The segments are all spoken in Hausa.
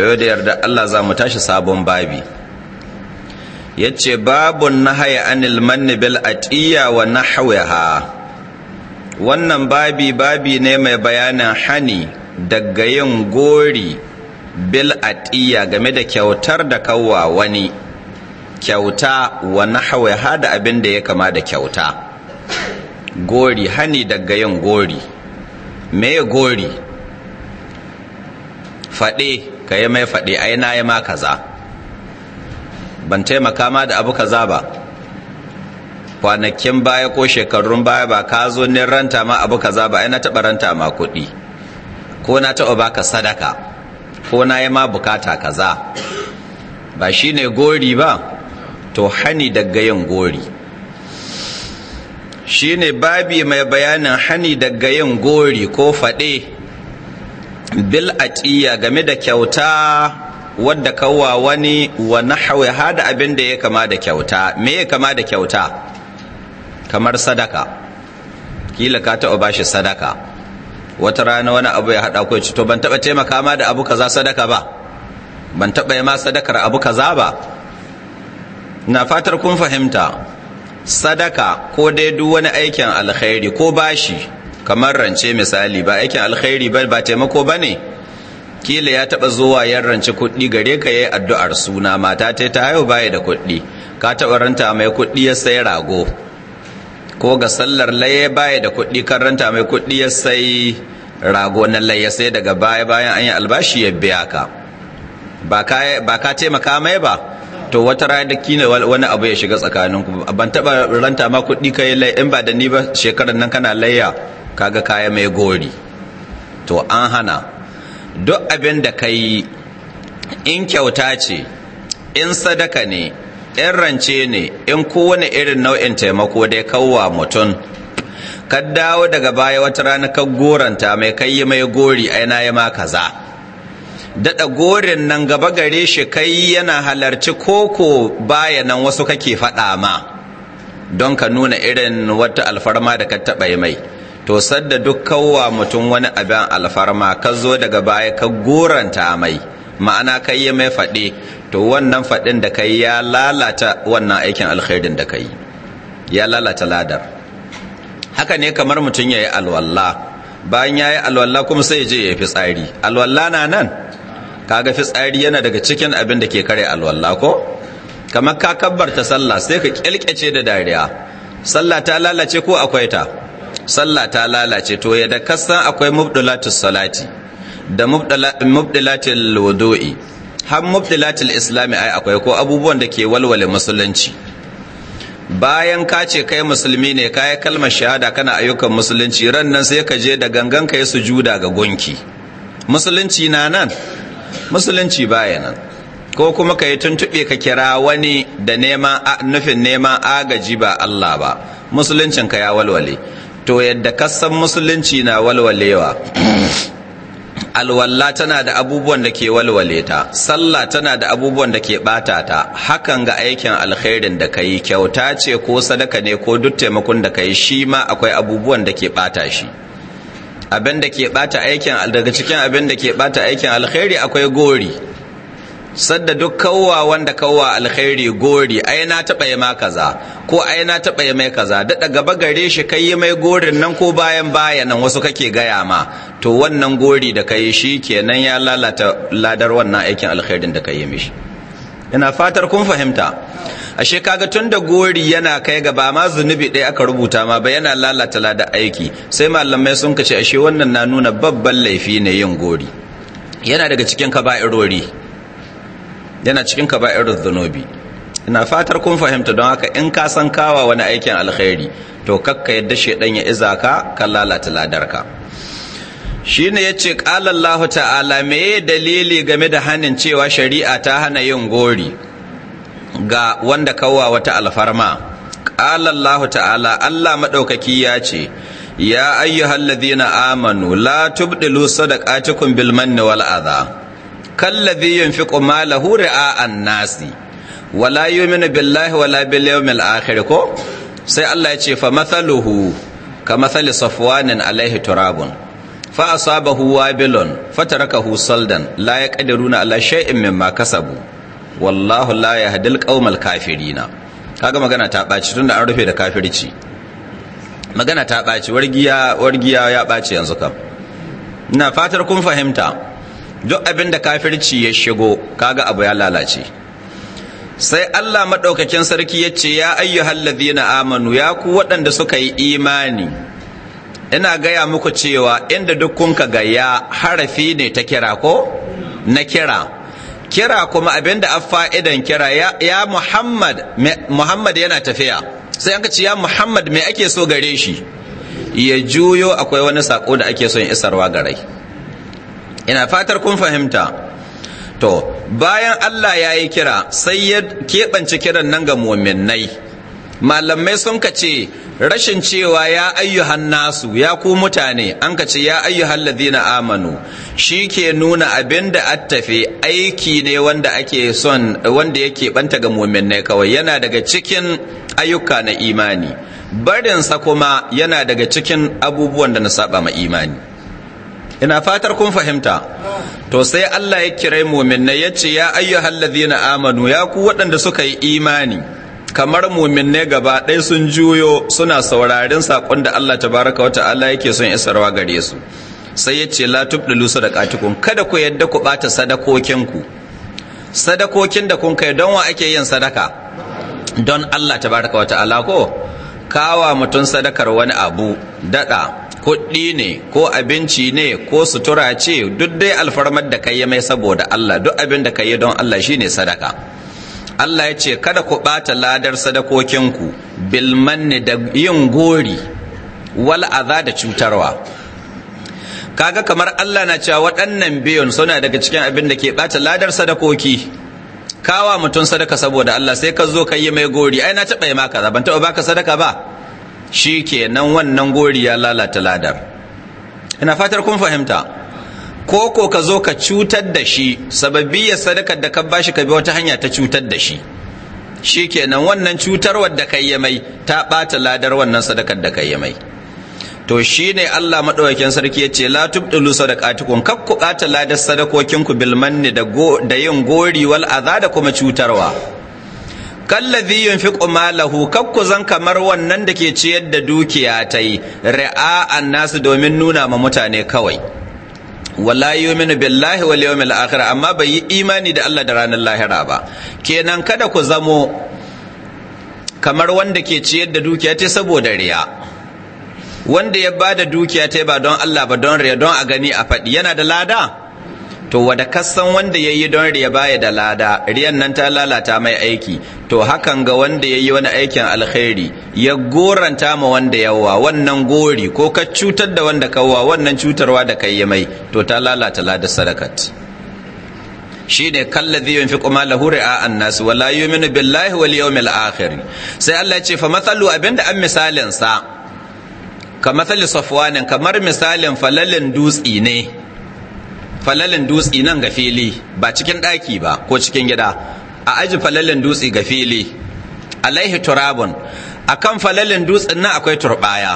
to da yarda Allah za mu tashi sabon babi yace babun haya anil manni bil atiya wa nahwaha wannan babi babi ne mai bayanin hani daga yin gori bil atiya game da kyautar da kawwa wani kyauta wa nahwaha da abin da ya kama da kyauta gori hani daga yin gori me gori faɗe ka yi mai faɗi ai na yi ma kaza ban taimaka ma da abu kaza ba kwanakin baya ko shekarun baya ba ka zo ne ranta ma abu kaza ba ai na taɓa ranta ma kuɗi ko na taɓa baka sadaka ko na yi ma bukata kaza ba shi ne gori ba to hani daga yin gori Shi ne babi mai bayanin hani daga yin gori ko faɗe bil atiya game da kyauta wadda kawwa wani wa nahwa hada abin da ya kama da kyauta me ya kama da kyauta kamar sadaka kila ka ba bashi sadaka wata rana wani abu ya haɗa kai to ban taɓa taimaka ma da abu kaza sadaka ba ban taɓa yi ma sadakar abu kaza ba na fatar kun fahimta sadaka ko dai duk wani aikin alkhairi ko bashi kamar rance misali ba aikin alkhairi ba ba taimako ba ne kila ya taba zuwa yan rance kuɗi gare ka yi addu'ar suna mata ta ta haihu baya da kuɗi ka taɓa ranta mai kuɗi ya sai rago ko ga sallar laye baya da kuɗi kan ranta mai kuɗi ya sai rago na laye sai daga baya bayan an yi albashi ya biya ka ba ka taimaka mai ba to wata rana da kina wani abu ya shiga tsakaninku ban taba ranta ma kuɗi kai lai in ba da ni ba shekarar nan kana layya kaga kaya mai gori to an hana duk abin da ka yi in kyauta ce in sadaka ne in rance ne in kowane irin nau'in taimako dai kawwa mutum ka dawo daga baya wata rana ka goranta mai kai mai gori aina ya ma kaza daɗa gorin nan gaba gare shi kai yana halarci koko baya nan wasu kake faɗa ma don ka nuna irin wata alfarma da ka taɓa yi mai to sadda duk kawwa mutum wani abin alfarma ka zo daga baya ka goranta mai ma'ana ka yi mai faɗe to wannan faɗin da kai ya lalata wannan aikin alkhairin da ka yi. ya lalata ladar haka ne kamar mutum ya yi alwalla bayan ya yi alwalla kuma sai je ya fitsari. tsari na nan kaga fitsari yana daga cikin abin da ke kare alwalla ko kamar ka ta sallah sai ka kyalkyace da dariya sallah ta lalace ko akwai ta sallah ta lalace to ya da kasan akwai mubdilatul salati da mubdilatul wudu'i har mubdilatul islami ai akwai ko abubuwan da ke walwale musulunci bayan ka ce kai musulmi ne ka yi kalmar shahada kana ayyukan musulunci ran nan sai ka je da gangan ka yi sujuda ga gunki musulunci na nan musulunci baya nan ko kuma ka yi tuntuɓe ka kira wani da nufin neman agaji ba Allah ba musuluncin ka ya walwale to yadda kasan musulunci na walwalewa alwalla tana da abubuwan da ke walwale ta sallah tana da abubuwan da ke bata ta hakan ga aikin alkhairin da ka yi kyauta ce ko sadaka ne ko duk taimakon da ka yi shi ma akwai abubuwan da ke bata shi abin da ke bata aikin daga cikin abin da ke bata aikin alkhairi akwai gori sadda duk kawwa wanda kawwa alkhairi gori ai na taɓa yi ma kaza ko ai na taɓa yi mai kaza daɗa gaba gare shi kai yi mai gorin nan ko bayan baya nan wasu kake gaya ma to wannan gori da kai shi kenan ya lalata ladar wannan aikin alkhairin da kai mishi ina fatar kun fahimta ashe kaga tun da gori yana kai gaba ma zunubi ɗaya aka rubuta ma ba yana lalata ladar aiki sai malamai sun kace ashe wannan na nuna babban laifi ne yin gori yana daga cikin kaba'irori yana cikin da zanobi ina fatar kun fahimta don haka in ka san kawa wani aikin alkhairi to kakka yadda shedan ya iza ka kan lalata ladarka ne yace ce Allah ta'ala me dalili game da hannun cewa shari'a ta hana yin gori ga wanda kawa wata alfarma qala ta'ala Allah maɗaukaki ya ce ya ayyuhalladhina amanu la tubdilu sadaqatukum bil manni wal adha kallazi yunfiqu malahu ri'a'an nasi wala yu'minu billahi wala bil yawmil akhir ko sai Allah ya ce fa mathaluhu ka mathali safwanin alaihi turabun fa asabahu wabilun fatarakahu saldan la yaqdiruna ala shay'in mimma kasabu wallahu la yahdil qaumal kafirina kaga magana ta baci tunda an rufe da kafirci magana ta baci wargiya ya baci yanzu kam ina fatar kun fahimta duk abin da kafirci ya shigo kaga abu ya lalace sai Allah maɗaukakin sarki ya ce ya ayyuhal na amanu ya ku waɗanda suka yi imani ina gaya muku cewa inda duk kun ga ya harafi ne ta kira ko na kira kira kuma abinda a fa'idan kira ya, Muhammad Muhammad yana tafiya sai an ce ya Muhammad me ake so gare shi ya juyo akwai wani sako da ake son isarwa ga rai ina fatar kun fahimta to bayan Allah ya yi kira sai ya keɓance kiran nan ga muminnai malamai sun ka ce rashin cewa ya ayyuhan nasu ya ku mutane an ka ce ya ayyuhan ladina amanu shi ke nuna abin da attafe aiki ne wanda ake son wanda yake banta ga muminnai kawai yana daga cikin ayyuka na imani barinsa kuma yana daga cikin abubuwan da na saba ma imani ina fatar kun fahimta to sai Allah ya kira mu'minnai ya ce ya ayyuhal ladina amanu ya ku waɗanda suka yi imani kamar mu'minnai gaba ɗaya sun juyo suna saurarin saƙon da Allah tabaraka wa ta'ala yake son isarwa gare su sai yace ce la tubdilu sadaqatukum kada ku yadda ku bata ku. sadakokin da kun kai don wa ake yin sadaka don Allah tabaraka wa ta'ala ko kawa mutum sadakar wani abu dada kuɗi ne ko abinci ne ko sutura ce duk dai alfarmar da kai yi mai saboda Allah duk abin da ka yi don Allah ne sadaka Allah ya ce kada ku ɓata ladar sadakokinku bilmanni da yin gori wal aza da cutarwa kaga kamar Allah na cewa waɗannan biyun suna daga cikin abin da ke ɓata ladar sadakoki kawa mutum sadaka saboda Allah sai ka zo ka yi mai gori ai na taɓa yi maka ban taɓa baka sadaka ba shi nan wannan gori ya lalata ladar ina fatar kun fahimta ko ko ka zo ka cutar da shi sababbi ya sadakar da ka bashi ka bi wata hanya ta cutar da shi shi nan wannan cutarwar da kai mai ta ɓata ladar wannan sadakar da kai mai to shi ne Allah maɗaukakin sarki ya ce la tubdulu sadaqatukum kak ku ɓata ladar sadakokinku ku ne da yin gori wal da kuma cutarwa kallazi yunfiqu malahu kakku zan kamar wannan da ke ciyar da dukiya ta yi ri'a nasu domin nuna ma mutane kawai wala yu'minu billahi wal yawmil akhir amma bai yi imani da Allah da ranar lahira ba kenan kada ku zamo kamar wanda ke ciyar da dukiya ta saboda riya wanda ya bada dukiya ta ba don Allah ba don riya don a gani a faɗi yana da lada to wada kasan wanda ya yi don riya baya da lada riyan nan ta lalata mai aiki to hakan ga wanda ya yi wani aikin alkhairi ya goranta ma wanda yawa wannan gori ko ka cutar da wanda kawa wannan cutarwa da kai mai to ta lalata lada sadakat shi ne kallazi yin fi kuma lahuri a annas wala yuminu billahi wal yawmil akhir sai Allah ya ce fa mathalu abinda an misalinsa. sa ka mathali safwanin kamar misalin falalin dutsi ne falalin dutse nan ga fili ba cikin ɗaki ba ko cikin gida a aji falalin dutse ga fili alaihi turabun akan falalin dutsen nan akwai turbaya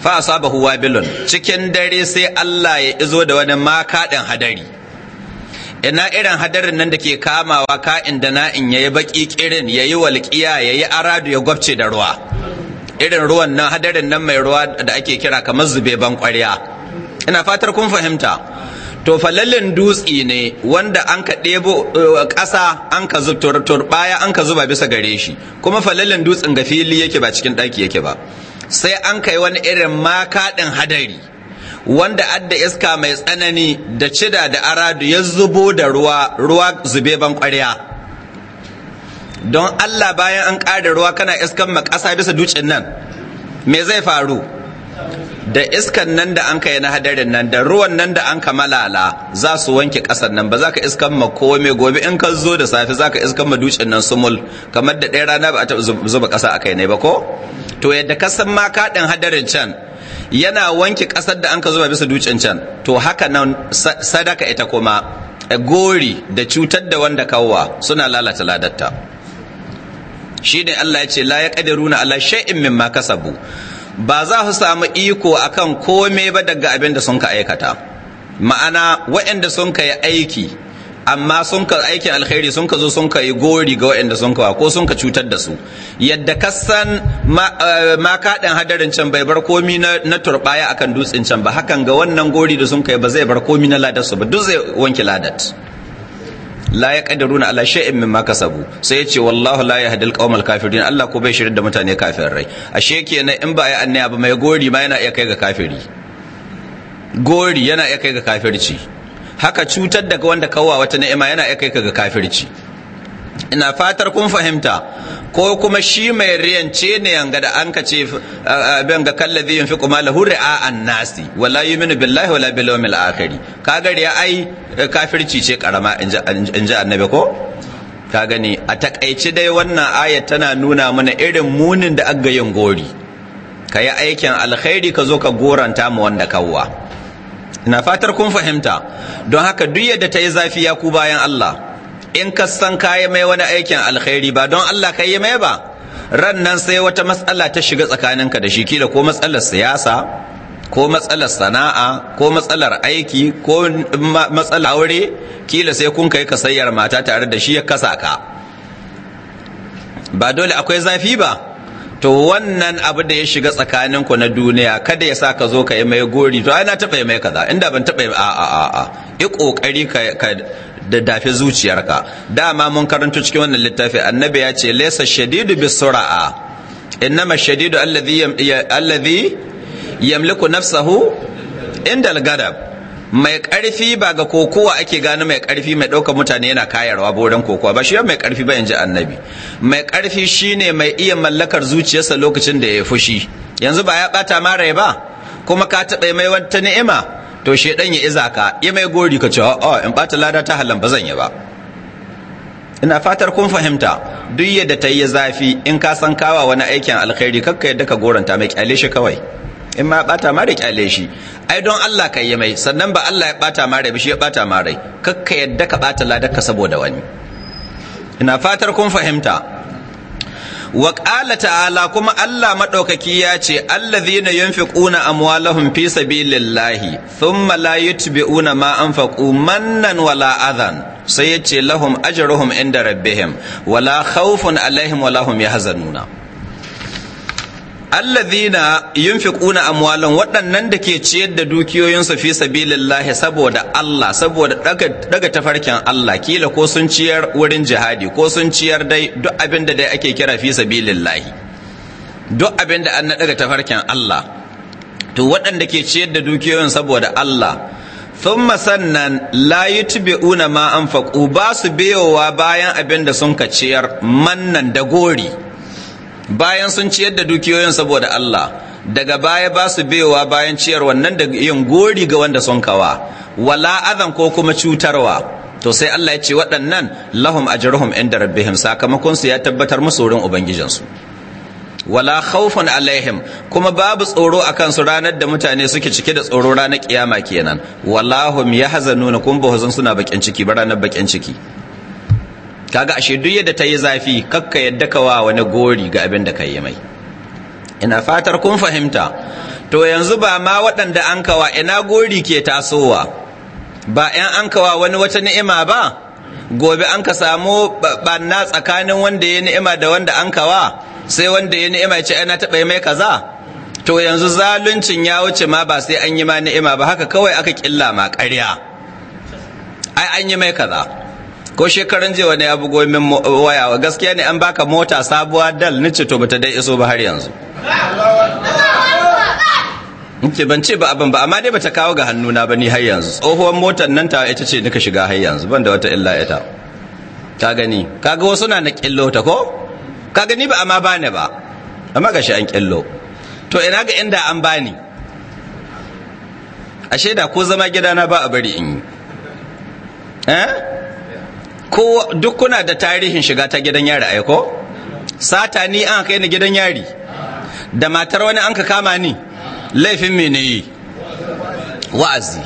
fa asabahu wabilun cikin dare sai Allah ya izo da wani makaɗin hadari ina irin hadarin nan da ke kamawa ka'in da na'in yayi baki kirin yi walƙiya ya yi aradu ya gwabce da ruwa irin ruwan nan hadarin nan mai ruwa da ake kira kamar zube ban ƙwarya ina fatar kun fahimta to falallin dutse ne wanda an ka ɗebo eh, ƙasa an ka turbaya an ka zuba bisa gare shi kuma falallin dutsen ga fili yake ba cikin ɗaki yake ba sai an kai wani irin makaɗin hadari wanda adda iska mai tsanani da cida da aradu ya zubo da ruwa ruwa zube ban ƙwarya don Allah bayan an ƙara ruwa kana iskan ma ƙasa bisa dutsen nan me zai faru da iskan nan da an kai na hadarin nan da ruwan nan da an kamalala za su wanke kasar nan ba za ka iskan ma kome gobe in ka zo da safe za ka iskan ma dutsen nan sumul kamar da ɗaya rana ba a zuba ƙasa a kai ne ba ko to yadda ka san ma kaɗin hadarin can yana wanke ƙasar da an ka zuba bisa dutsen can to haka nan sadaka ita kuma eh, gori da cutar da wanda kawwa suna lalata ladatta shi ne Allah ya ce la ya ƙadiruna ala shay'in mimma kasabu ba za su samu iko akan kome ba daga abin da sun ka aikata ma'ana waɗanda sun ka yi aiki amma sun ka aikin alkhairi sun ka zo sun ka yi gori ga waɗanda sun ka ko sun ka cutar da su yadda kasan eh, ma kaɗin hadarin can bai bar komi na turɓaya akan dutsen can ba hakan ga wannan gori da sun ka yi ba zai bar komi na ladar su ba duk zai wanke ladat la yaqdiruna ala shay'in mimma kasabu sai ya ce wallahu la yahdil qaumal kafirin Allah ko bai shirin da mutane rai. ashe kenan in ba ya annaya ba mai gori ma yana iya kai ga kafiri gori yana iya kai ga kafirci haka cutar daga wanda kawawa wata ni'ima yana iya kai ga kafirci ina fatar kun fahimta ko kuma shi mai riyance ne yanga da an ka ce abin ga kallazi yin fi kuma ri'a an nasi wala yuminu billahi wala bil yawmil akhir ka gari ai eh, kafirci ce karama in ji annabi ko ka gani a takaice dai wannan aya tana nuna mana irin munin da aka yin gori ka yi aikin alkhairi ka zo ka goranta mu wanda kawwa ina fatar kun fahimta don haka duk yadda ta yi zafi ya ku bayan Allah in ka san kayi mai wani aikin alkhairi ba don Allah ka yi mai ba ran nan sai wata matsala ta shiga tsakaninka da shi kila ko matsalar siyasa ko matsalar sana'a ko matsalar aiki ko matsalar aure kila sai kun kai kasayyar mata tare da shi ya kasa ka ba dole akwai zafi ba to wannan abu da ya shiga tsakaninku na duniya kada ya sa ka zo ka yi mai gori to ana taɓa mai kaza inda ban taɓa a a a a yi ƙoƙari da dafi zuciyarka dama mun karanto cikin wannan littafi annabi ya ce laysa shadidu bisura'a innama shadidu alladhi alladhi yamliku nafsahu inda mai karfi ba ga kokowa ake gano mai karfi mai ɗaukar mutane yana kayarwa boran kokowa ba shi mai karfi ba yanzu annabi mai karfi shine mai iya mallakar zuciyarsa lokacin da ya fushi yanzu ba ya bata mara ba kuma ka taɓa mai wata ni'ima to shedan ya iza ka ya mai gori ka ce oh in bata lada ta halan ba zan yi ba ina fatar kun fahimta duk yadda ta yi zafi in ka san kawa wani aikin alkhairi kakka yadda ka goranta mai kyale shi kawai in ma bata ma da kyale shi ai don Allah ka yi mai sannan ba Allah ya bata ma rai shi ya bata ma rai kakka yadda ka bata ladar ka saboda wani ina fatar kun fahimta wa ta'ala kuma Allah maɗaukaki ya ce allazina yunfiquna amwalahum fi sabilillahi thumma la yutbi'una ma anfaqu mannan wala adhan sai yace lahum ajruhum inda rabbihim wala khawfun alaihim wala hum yahzanuna alladhina yunfiquna amwalan waɗannan da ke ciyar da dukiyoyinsu fi sabilillahi saboda Allah saboda daga tafarkin Allah kila ko sun ciyar wurin jihadi ko sun ciyar dai duk abin da dai ake kira fi sabilillahi duk abin da an daga tafarkin Allah to waɗanda ke ciyar da dukiyoyin saboda Allah thumma sannan la yutbi'una ma anfaqu ba su biyowa bayan abin da sun ka ciyar mannan da gori bayan sun ciyar da dukiyoyin saboda Allah daga baya ba su bewa bayan ciyar wannan da yin gori ga wanda sun kawa wala azan ko kuma cutarwa to sai Allah ya ce waɗannan lahum ajruhum inda rabbihim sakamakon su ya tabbatar musu wurin ubangijansu. wala khawfun alaihim kuma babu tsoro akan su ranar da mutane suke cike da tsoro ranar kiyama kenan wallahum yahzanuna kun bahuzun suna bakin ciki ba ranar bakin ciki kaga ashe duk yadda ta yi zafi kakka yadda ka wa wani gori ga abin da ka yi mai ina fatar kun fahimta to yanzu ba ma waɗanda an kawa ina gori ke tasowa ba yan an kawa wani wata ni'ima ba gobe an ka samu banna tsakanin wanda ya ni'ima da wanda an kawa sai wanda ya ni'ima ya ce ana taɓa mai kaza to yanzu zaluncin ya wuce ma ba sai an yi ma ni'ima ba haka kawai aka killa ma ƙarya ai an yi mai kaza ko shekaran jiya wani abu bugo min waya gaskiya ne an baka mota sabuwa dal ce to bata dai iso ba har yanzu Nke ban ce ba abin ba amma dai bata kawo ga hannuna ba ni har yanzu tsohuwar motar nan ta ita ce nika shiga har yanzu ban da wata illa ita ka gani kaga wasu na na killo ta ko ka gani ba amma bani ba amma gashi an killo to ina ga inda an bani ashe da ko zama gidana ba a bari in yi eh ko duk kuna da tarihin shiga ta gidan yari ai ko sata ni an kai ni gidan yari da matar wani an ka kama ni laifin me ne yi wa'azi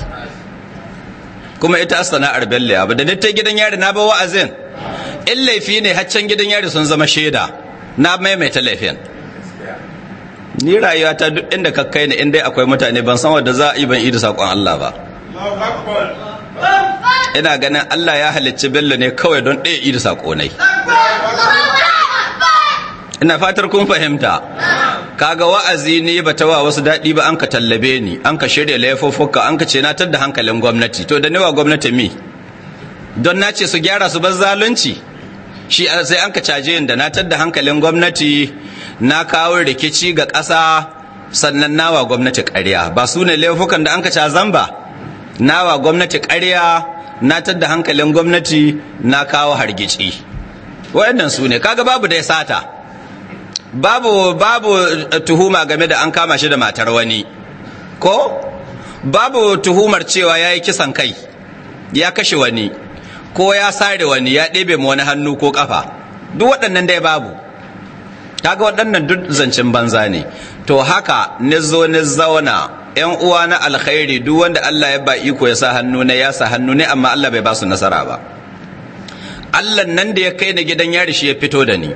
kuma ita asana arbelle abu da ta gidan yari na ba wa'azin in laifi ne haccan gidan yari sun zama shaida na maimaita laifin ni rayuwa ta duk inda ka kai ni inda akwai mutane ban san wanda za a yi ban yi da saƙon Allah ba ina ganin Allah ya halicci bello ne kawai don ɗaya iri saƙonai ina fatar kun fahimta kaga wa'azi ne ba ta wa wasu daɗi ba an ka tallabe ni an ka shirya laifuffuka an ka ce na da hankalin gwamnati to da newa gwamnati mi don na ce su gyara su bar zalunci shi sai an ka caje da na da hankalin gwamnati na kawo rikici ga ƙasa sannan nawa gwamnati ƙarya ba su ne laifukan da an ka cazan ba nawa gwamnati ƙarya na tadda hankalin gwamnati na kawo hargitsi wayannan su ne kaga babu dai sata babu babu eh, tuhuma game da an kama shi da matar wani ko babu tuhumar cewa ya yi kisan kai ya kashe wani ko ya sare wani ya ɗebe mu wani hannu ko ƙafa duk waɗannan dai babu kaga waɗannan duk zancen banza ne to haka zo ni zauna yan uwa na alkhairi duk wanda Allah ya ba iko ya sa hannu ne ya sa hannu ne amma Allah bai ba su nasara ba Allah nan da ya kai ni gidan yari shi ya fito da ni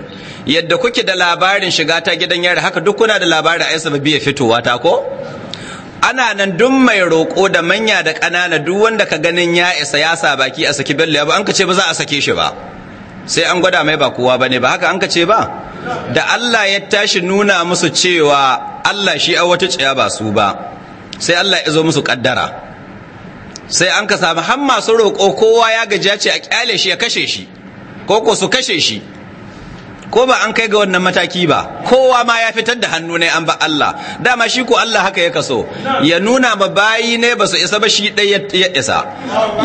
yadda kuke da labarin shiga ta gidan yari haka duk kuna da labarin ai sababi ya fitowa ta ko ana nan duk mai roƙo da manya da ƙanana duk wanda ka ganin ya isa ya sa baki a saki bello ba an ka ce ba za a sake shi ba sai an gwada mai ba kowa ba ne ba haka an ka ce ba da Allah ya tashi nuna musu cewa Allah shi a wata ciya ba su ba sai Allah ya zo musu kaddara sai an ka samu har masu roƙo kowa ya gaja ce a kyale shi ya kashe shi ko ko su kashe shi ko ba an kai ga wannan mataki ba kowa ma ya fitar da hannu ne an ba Allah dama shi ko Allah haka ya kaso ya nuna ma bayi ne ba su isa ba shi dai ya isa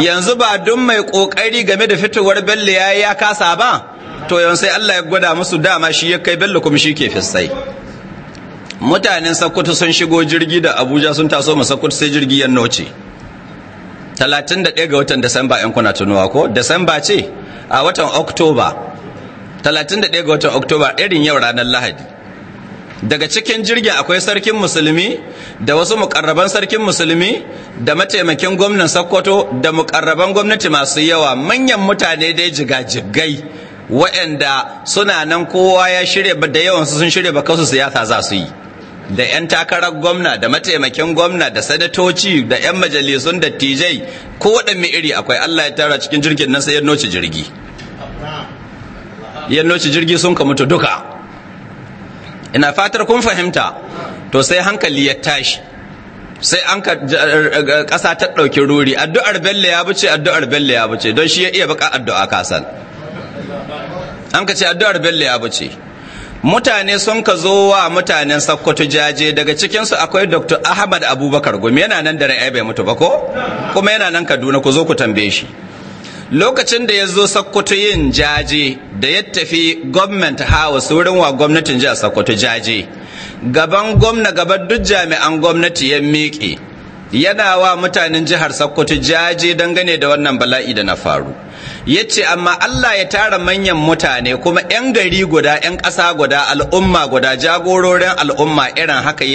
yanzu ba duk mai kokari game da fitowar belle yayi ya kasa ba to yawan sai Allah ya gwada musu dama shi ya kai bello kuma shi ke fisai mutanen sakkwato sun shigo jirgi da abuja sun taso ma sakkwato sai jirgi yan noce 31 ga watan Disamba ‘yan kuna tunuwa ko? Disamba ce a watan Oktoba, 31 ga watan Oktoba irin yau ranar Lahadi. Daga cikin jirgin akwai sarkin musulmi da wasu mukarraban sarkin musulmi da mataimakin gwamnan Sokoto da mukarraban gwamnati masu yawa manyan mutane dai jigajigai waɗanda suna nan kowa ya shirya da yawansu sun shirya ba bakansu siyasa za su yi da 'yan takarar gwamna da mataimakin gwamna da sanatoci da 'yan majalisun dattijai ko waɗanne iri akwai allah ya tara cikin jirgin nan sai ya noci jirgi ya noci jirgi sun ka mutu duka ina fatar kun fahimta to sai hankali ya tashi sai an ka ƙasa ta ɗauki ruri addu'ar bello ya buce addu'ar bello ya buce don shi ya iya baka addu'a kasan an ka ce addu'ar bello ya bace mutane sun ka zo wa mutanen sakkwato jaje daga cikinsu akwai dr ahmad abubakar gumi yana nan da rai bai mutu ba ko kuma yana nan kaduna ku zo ku tambaye shi lokacin da ya zo sakkwato yin jaje da ya tafi government house wurin wa gwamnatin jihar sakkwato jaje gaban gwamna gaban duk jami'an gwamnati ya miƙe yana wa mutanen jihar sakkwato jaje dangane da wannan bala'i da na faru ya ce amma Allah ya tara manyan mutane kuma 'yan gari guda 'yan ƙasa guda al'umma guda jagororin al'umma irin haka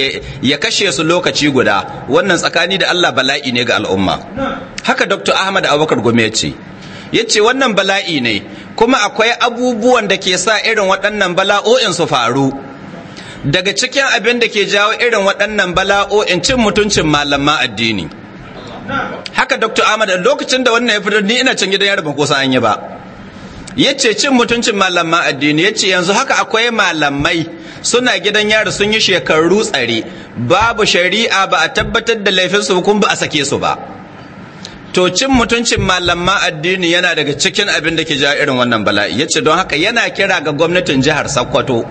ya kashe su lokaci guda wannan tsakani da Allah bala'i ne ga al'umma haka dr ahmad abubakar gome ce ya ce wannan bala'i ne kuma akwai abubuwan da ke sa irin waɗannan bala'o'in su faru daga cikin abin da ke jawo irin waɗannan bala'o'in cin mutuncin malaman addini haka dr ahmad lokacin da wannan ya fito ni ina can gidan yari ba kosa an yi ba yace cin mutuncin malaman addini yace yanzu haka akwai malamai suna gidan yari sun yi shekaru tsare babu shari'a ba a tabbatar da laifin su kuma ba a sake su ba to cin mutuncin malaman addini yana daga cikin abin da ke ja irin wannan bala'i yace don haka yana kira ga gwamnatin jihar Sokoto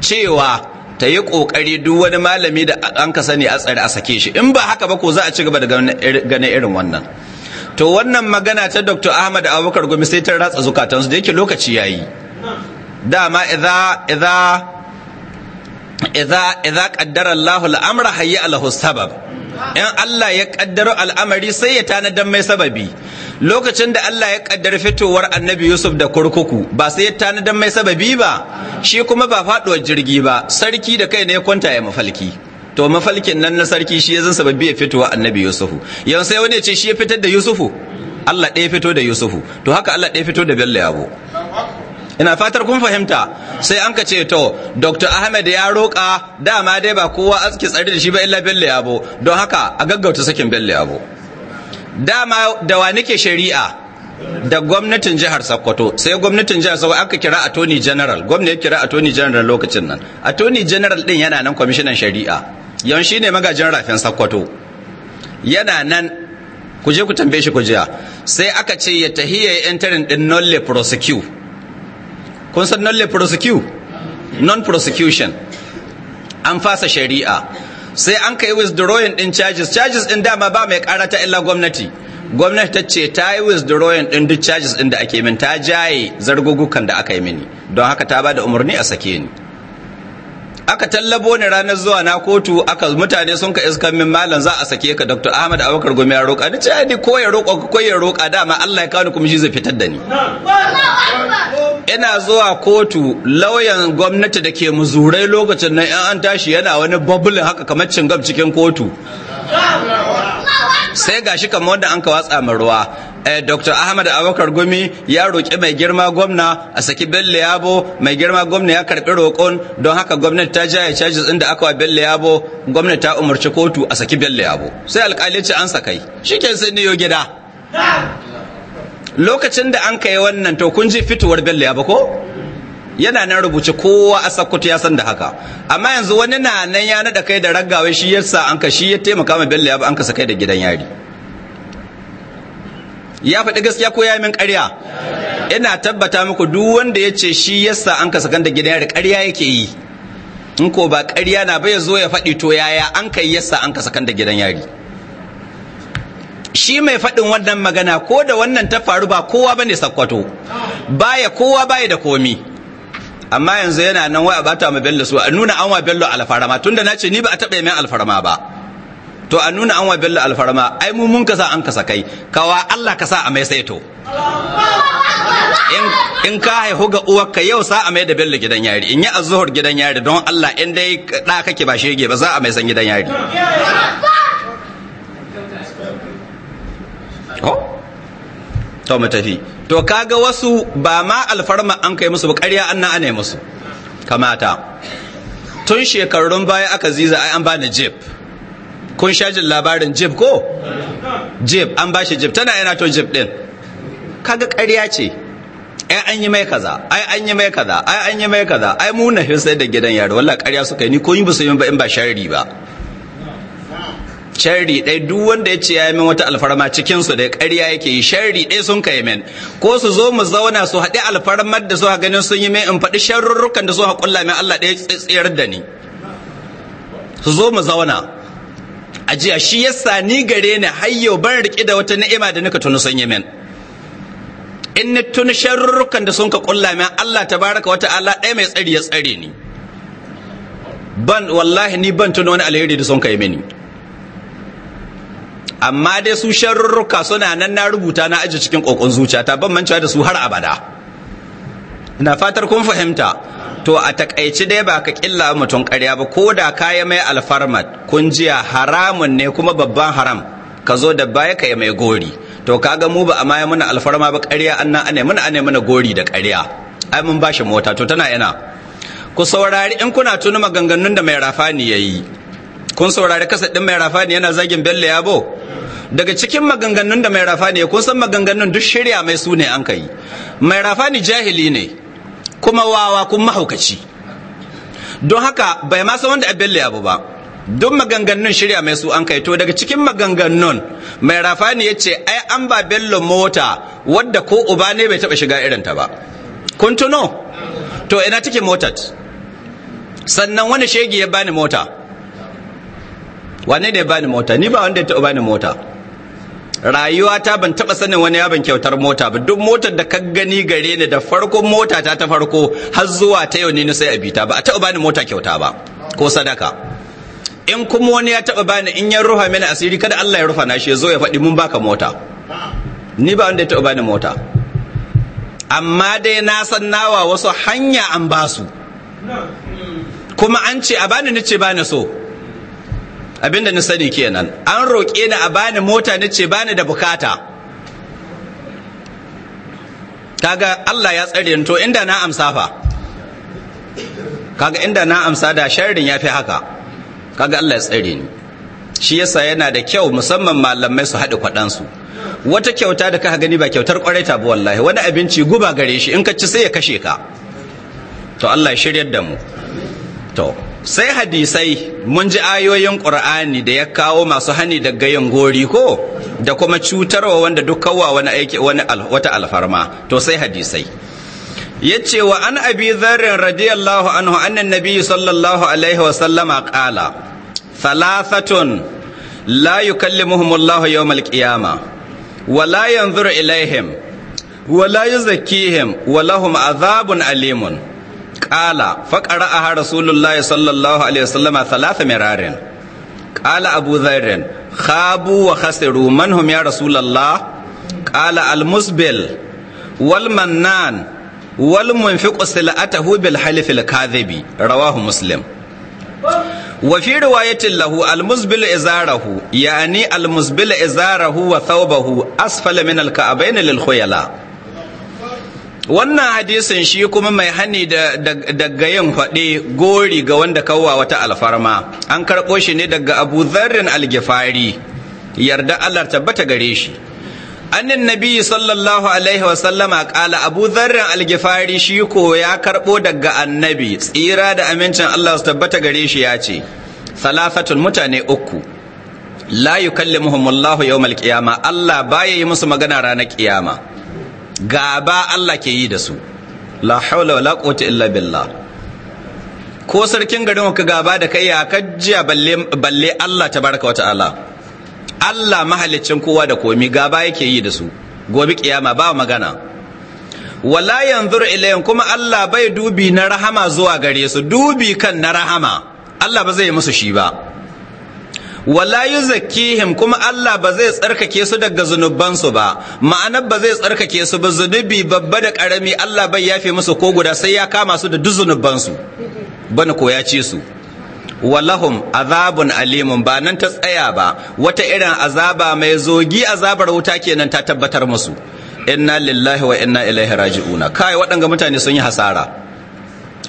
cewa ta yi ƙoƙari duk wani malami da an ka sani a tsare a sake shi in ba haka ba ko za a ci gaba da ganin irin wannan to wannan magana ta dr ahmad abubakar gumi sai ta ratsa zukatansu da yake lokaci ya yi dama idza idza idza idza qaddara allah amra hayya lahu sabab in Allah ya kaddaro al'amari sai ya tanadar mai sababi lokacin da Allah ya kaddar fitowar annabi Yusuf da kurkuku ba sai ya tanadar mai sababi ba shi kuma ba faɗuwar jirgi ba sarki da kai ne ya kwanta ya mafalki to mafalkin nan na sarki shi ya zan sababi ya fitowa annabi Yusufu yau sai wani ce shi ya fitar da Yusufu Allah ɗaya fito da Yusufu to haka Allah ɗaya fito da Bello yabo ina fatar kun fahimta sai an ka ce to dr ahmed ya roƙa dama dai ba kowa aski tsari da shi ba illa bello yabo don haka a gaggauta sakin bello yabo dama da wa nake shari'a da gwamnatin jihar Sokoto sai gwamnatin jihar Sokoto aka kira attorney general gwamnati ya kira attorney general lokacin nan attorney general din yana nan kwamishinan shari'a yan shi ne magajin rafin Sokoto yana nan kuje ku tambaye shi ku jiya sai aka ce ya tahiyya interim din nolle prosecute kun san nolle prosecute non prosecution an fasa shari'a sai an kai withdrawing din charges charges din dama ba mai kara ta illa gwamnati gwamnati ta ce ta yi withdrawing din duk charges din da ake min ta jaye zargugukan da aka yi mini don haka ta bada da umarni a sake ni aka tallabo ni ranar zuwa na kotu aka mutane sun ka iskan min malam za a sake ka Dr. Ahmad Abubakar Gome ya roƙa ni ce ni ko ya roƙa ko ya roƙa dama Allah ya kawo kuma shi zai fitar da ni ina zuwa kotu lauyan gwamnati da ke muzurai lokacin nan an tashi yana wani bubble haka kamar cingam cikin kotu sai ga shi kamar wanda an ka watsa ma ruwa eh, dr ahmad abubakar gumi ya roƙi mai girma gwamna a saki bello yabo mai girma gwamna ya karɓi roƙon don haka gwamnati ta jaye charges inda aka wa bello yabo gwamnati ta umarci kotu a saki bello yabo sai alƙali ce an sakai shikin sai niyo gida lokacin da an kai wannan to kun ji fitowar bello yabo ko yana nan rubuce kowa a sakkwato ya san da haka amma yanzu wani na nan ya naɗa kai da raggawa shi ya sa an ka shi ya taimaka ma bello ya ba an ka sakai da gidan yari ya faɗi gaskiya ko ya yi min ƙarya ina tabbata muku duk wanda ya ce shi ya sa an ka sakan da gidan yari ƙarya yake yi in ko ba ƙarya na ba ya zo ya faɗi to yaya an kai ya sa an ka sakan da gidan yari shi mai faɗin wannan magana ko da wannan ta faru ba kowa bane sakkwato baya kowa baya da komi amma yanzu yana nan wai a bata ma bello su a nuna an wa bello alfarama tunda na ce ni ba a taɓa min alfarama ba to a nuna an wa bello alfarama ai mu mun kasa an kasa kai kawa Allah ka sa a mai saito in ka haihu ga ka yau sa a mai da bello gidan yari in yi azuhur gidan yari don Allah in dai da kake ba shege ba za a mai san gidan yari oh? to mu tafi to kaga wasu ba ma alfarma an kai musu ba ƙarya an na ana musu kamata tun shekarun baya aka ziza ai an bani jeep kun shajin labarin jeep ko jeep an bashi jeep tana yana to jeep din kaga ƙarya ce ai an yi mai kaza ai an yi mai kaza ai an yi mai kaza ai mu na sai da gidan yaro wallahi ƙarya suka yi ni ko yi ba su yi ba in ba sharri ba sharri ɗai duk wanda ya ce ya min wata alfarma cikin su da ƙarya yake yi sharri ɗai sun kai min ko su zo mu zauna su haɗe alfarmar da su ha ganin sun yi min in faɗi sharrurrukan da su ha ƙulla min Allah ɗaya tsayar da ni su zo mu zauna a jiya shi yasa ni gare ni har yau ban riƙe da wata ni'ima da nika tuni sun yi min in ni tuni sharrurrukan da sun ka ƙulla min Allah tabaraka wata Allah ɗaya mai tsari ya tsare ni ban wallahi ni ban tuni wani alheri da sun kai mini amma dai su sharurruka suna nan na rubuta na aji cikin kokon zuciyata ban mancewa da su har abada ina fatar kun fahimta to a takaici dai ba ka killa mutum ƙarya ba ko da kaya mai alfarmat kun jiya haramun ne kuma babban haram ka zo da baya ka mai gori to kaga mu ba a muna alfarma ba ƙarya an nan ane muna ane muna gori da ƙarya ai mun bashi mota to tana yana ku saurari in kuna tuni maganganun da mai rafani yayi kun saurari kasa ɗin mai rafa ne yana zagin bello yabo daga cikin maganganun da mai rafa ne kun san maganganun duk shirya mai su ne an kai mai rafa ne jahili ne kuma wawa kun mahaukaci don haka bai ma san wanda a bello yabo ba duk maganganun shirya mai su an kai to daga cikin maganganun mai rafa ne ya ce ai an ba bello mota wadda ko uba ne bai taba shiga irin ta ba kun tuno to ina take motar sannan wani shege ya bani mota wane ne bani mota ni ba wanda ya taɓa bani mota rayuwa ta ban taɓa sanin wani yaban kyautar mota ba duk motar da ka gani gare ni da farkon mota ta ta farko har zuwa ta yau ni sai a bita ba a taɓa bani mota kyauta ba ko sadaka in kuma wani ya taɓa bani in ya rufa mini asiri kada Allah ya rufa na shi ya zo ya faɗi mun baka mota ni ba wanda ya taɓa bani mota amma dai na san nawa wasu hanya an basu kuma an ce a bani ni ce bani so abinda na sani kenan an roƙe ni a bani mota na ce bani da bukata kaga Allah ya tsare ni to inda na amsa fa kaga inda na amsa da sharrin fi haka kaga Allah ya tsare ni shi yasa yana da kyau musamman malamai su haɗu kwaɗansu wata kyauta da ka gani ba kyautar ƙwarai ta ba wallahi wani abinci guba gare shi in ka ci sai ya kashe ka to Allah ya shiryar da mu to sai hadisai mun ji ayoyin ƙur'ani da ya kawo masu hani da gayin gori ko da kuma cutarwa wanda duk kawo wani aiki wani wata alfarma to sai hadisai Ya ce wa an abi zarin radiyallahu anhu annan nabi sallallahu alaihi wa sallama qala thalathatun la yukallimuhum Allah yawm al-qiyamah wa la yanzuru ilaihim wa la yuzakkihim wa lahum adhabun alimun qala faqara'aha rasulullahi sallallahu alaihi wasallama thalatha mirarin Ƙala abu dharrin khabu wa khasiru man hum ya rasulullah qala al musbil wal mannan wal munfiqu silatahu bil halif al kadhibi rawahu muslim wa fi riwayatin lahu al musbil izarahu yani al musbil izarahu wa thawbahu asfala min al wannan hadisin shi kuma mai hani daga yin faɗe gori ga wanda kawowa wata alfarma an karɓo shi ne daga abu zarrin algifari yarda allah tabbata gare shi annin nabi sallallahu alaihi wasallama kala abu zarrin algifari shi ko ya karɓo daga annabi tsira da amincin allah su tabbata gare shi ya ce salafatun mutane uku la yukallimuhumullahu yawmal qiyama allah baya yi musu magana ranar ƙiyama. gaba Allah ke yi da su la haula wala quwwata illa billah ko sarkin garin ka gaba da kai ya kajjiya balle balle Allah tabaraka wa ta'ala Allah mahalicin kowa da komi gaba yake yi da su gobe kiyama ba magana wala yanzur ilayhim kuma Allah bai dubi na rahama zuwa gare su dubi kan na rahama Allah ba zai musu shi ba wala yuzakkihim kuma Allah ba zai tsarkake su daga zunubansu ba ma'anar ba zai tsarkake su ba zunubi babba da karami Allah bai yafe musu ko guda sai ya kama su da duk zunubansu bana ko ya ce su walahum azabun alimun ba nan ta tsaya ba wata irin azaba mai zogi azabar wuta kenan ta tabbatar musu inna lillahi wa inna ilaihi raji'una kai waɗanga mutane sun yi hasara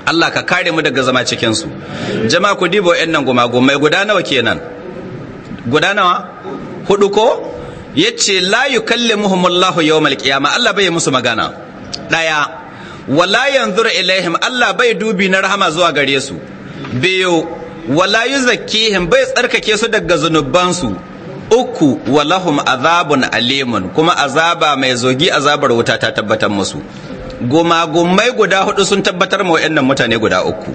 Allah ka kare mu daga zama cikin su jama'a ku dibo 'yan nan gumagumai guda nawa kenan guda nawa hudu ko yace la Allah yawmal qiyama Allah bai musu magana daya wala yanzur ilaihim Allah bai dubi na rahama zuwa gare su biyu wala yuzakkihim bai tsarkake su daga su uku walahum azabun alimun kuma azaba mai zogi azabar wuta ta tabbatar musu goma gummai guda hudu sun tabbatar ma waɗannan mutane guda uku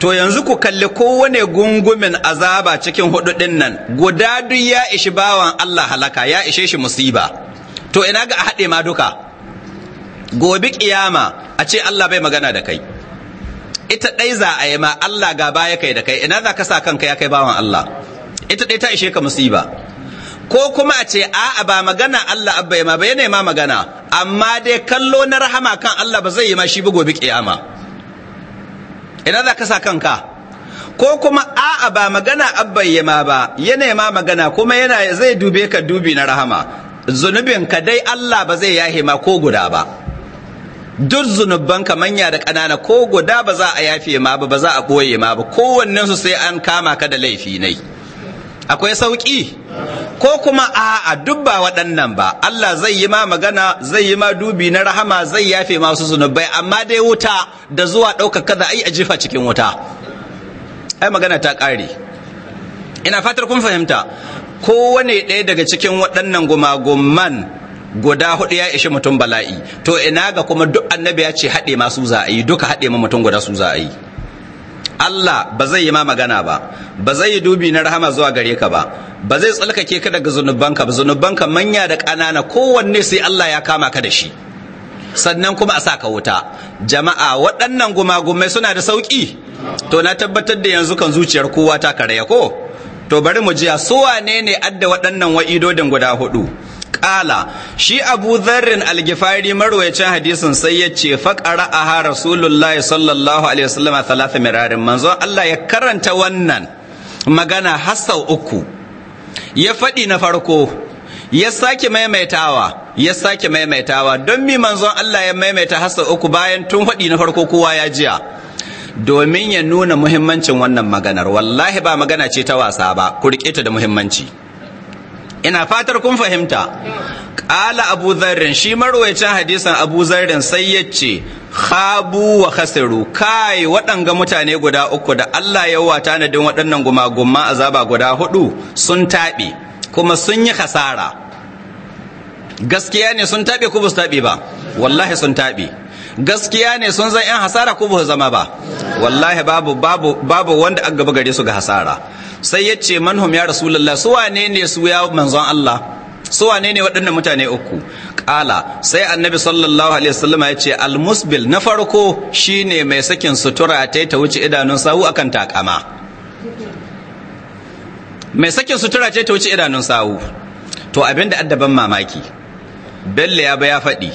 to yanzu ku kalli kowane gungumin azaba cikin hududin nan guda duk ya ishi bawan Allah halaka ya ishe shi musiba to ina ga a haɗe ma duka Gobi kiyama a ce Allah bai magana da kai ita ɗai za a yi ma Allah ga baya kai da kai ina za ka sa kanka ya kai bawan Allah ita ɗai ta ishe ka musiba ko kuma a ce a'a ba magana Allah abba ya ma bai ne ma magana amma dai kallo na rahama kan Allah ba zai yi ma shi bugo bi kiyama idan za ka sa kanka ko kuma a'a ba magana abbayyama ba yana ma magana kuma yana zai dube ka dubi na rahama zunubin ka dai Allah ba zai yahe ma ko guda ba duk zunuban ka manya da ƙanana ko guda ba za a yafe ma ba ba za a ɓoye ma ba Kowannensu sai an kama ka da laifi nai akwai sauƙi ko kuma a duk ba waɗannan ba Allah zai yi ma magana zai yi ma dubi na rahama zai yafe masu zunubai amma dai wuta da zuwa ɗaukaka kada ai a jifa cikin wuta ai magana ta ƙare ina fatar kun fahimta kowane ɗaya daga cikin waɗannan gumaguman guda hudu ya ishi mutum bala'i to ina ga kuma duk annabi ya ce haɗe masu su duka haɗe ma mutum guda su za Allah ba zai yi ma magana ba ba zai yi dubi na rahama zuwa gare ka ba ba zai tsalkake ka daga zunubanka ba zunubanka manya da ƙanana kowanne sai Allah ya kama ka da shi sannan kuma a sa ka wuta jama'a waɗannan gumagumai suna da sauƙi to na tabbatar da yanzu kan zuciyar kowa ta karaya ko to bari mu jiya su wane ne adda waɗannan wa'idodin guda hudu kala shi Abu zarrin al marwayacin hadisin sai ya ce a ha Rasulullahi sallallahu alaihi wasallam talata mirarin manzo Allah ya karanta wannan magana hasau uku ya faɗi na farko ya sake maimaitawa ya sake maimaitawa don mi manzon Allah ya maimaita hasau uku bayan tun faɗi na farko kowa ya jiya domin ya nuna muhimmancin wannan maganar wallahi ba magana ce ta wasa ba ku riƙe ta da muhimmanci ina fatar kun fahimta ƙala abu zarrin shi marwayacin hadisan abu zarrin sai ya ce habu wa khasiru kai waɗanga mutane guda uku da Allah ya wa tanadin waɗannan gumagumma azaba guda hudu sun taɓe kuma sun yi khasara gaskiya ne sun taɓe ko ba su taɓe ba wallahi sun taɓe gaskiya ne sun zan yan hasara ko ba zama ba wallahi babu babu babu wanda an gaba gare su ga hasara sai ya ce manhum ya rasulullah su wane ne su ya manzon Allah su wane ne waɗannan mutane uku kala sai annabi sallallahu alaihi wasallam ya ce Al-Musbil na farko shine mai sakin sutura ta ta wuce idanun sawu akan takama mai sakin sutura ce ta wuce idanun sawu to abinda addaban mamaki bello ya ba ya faɗi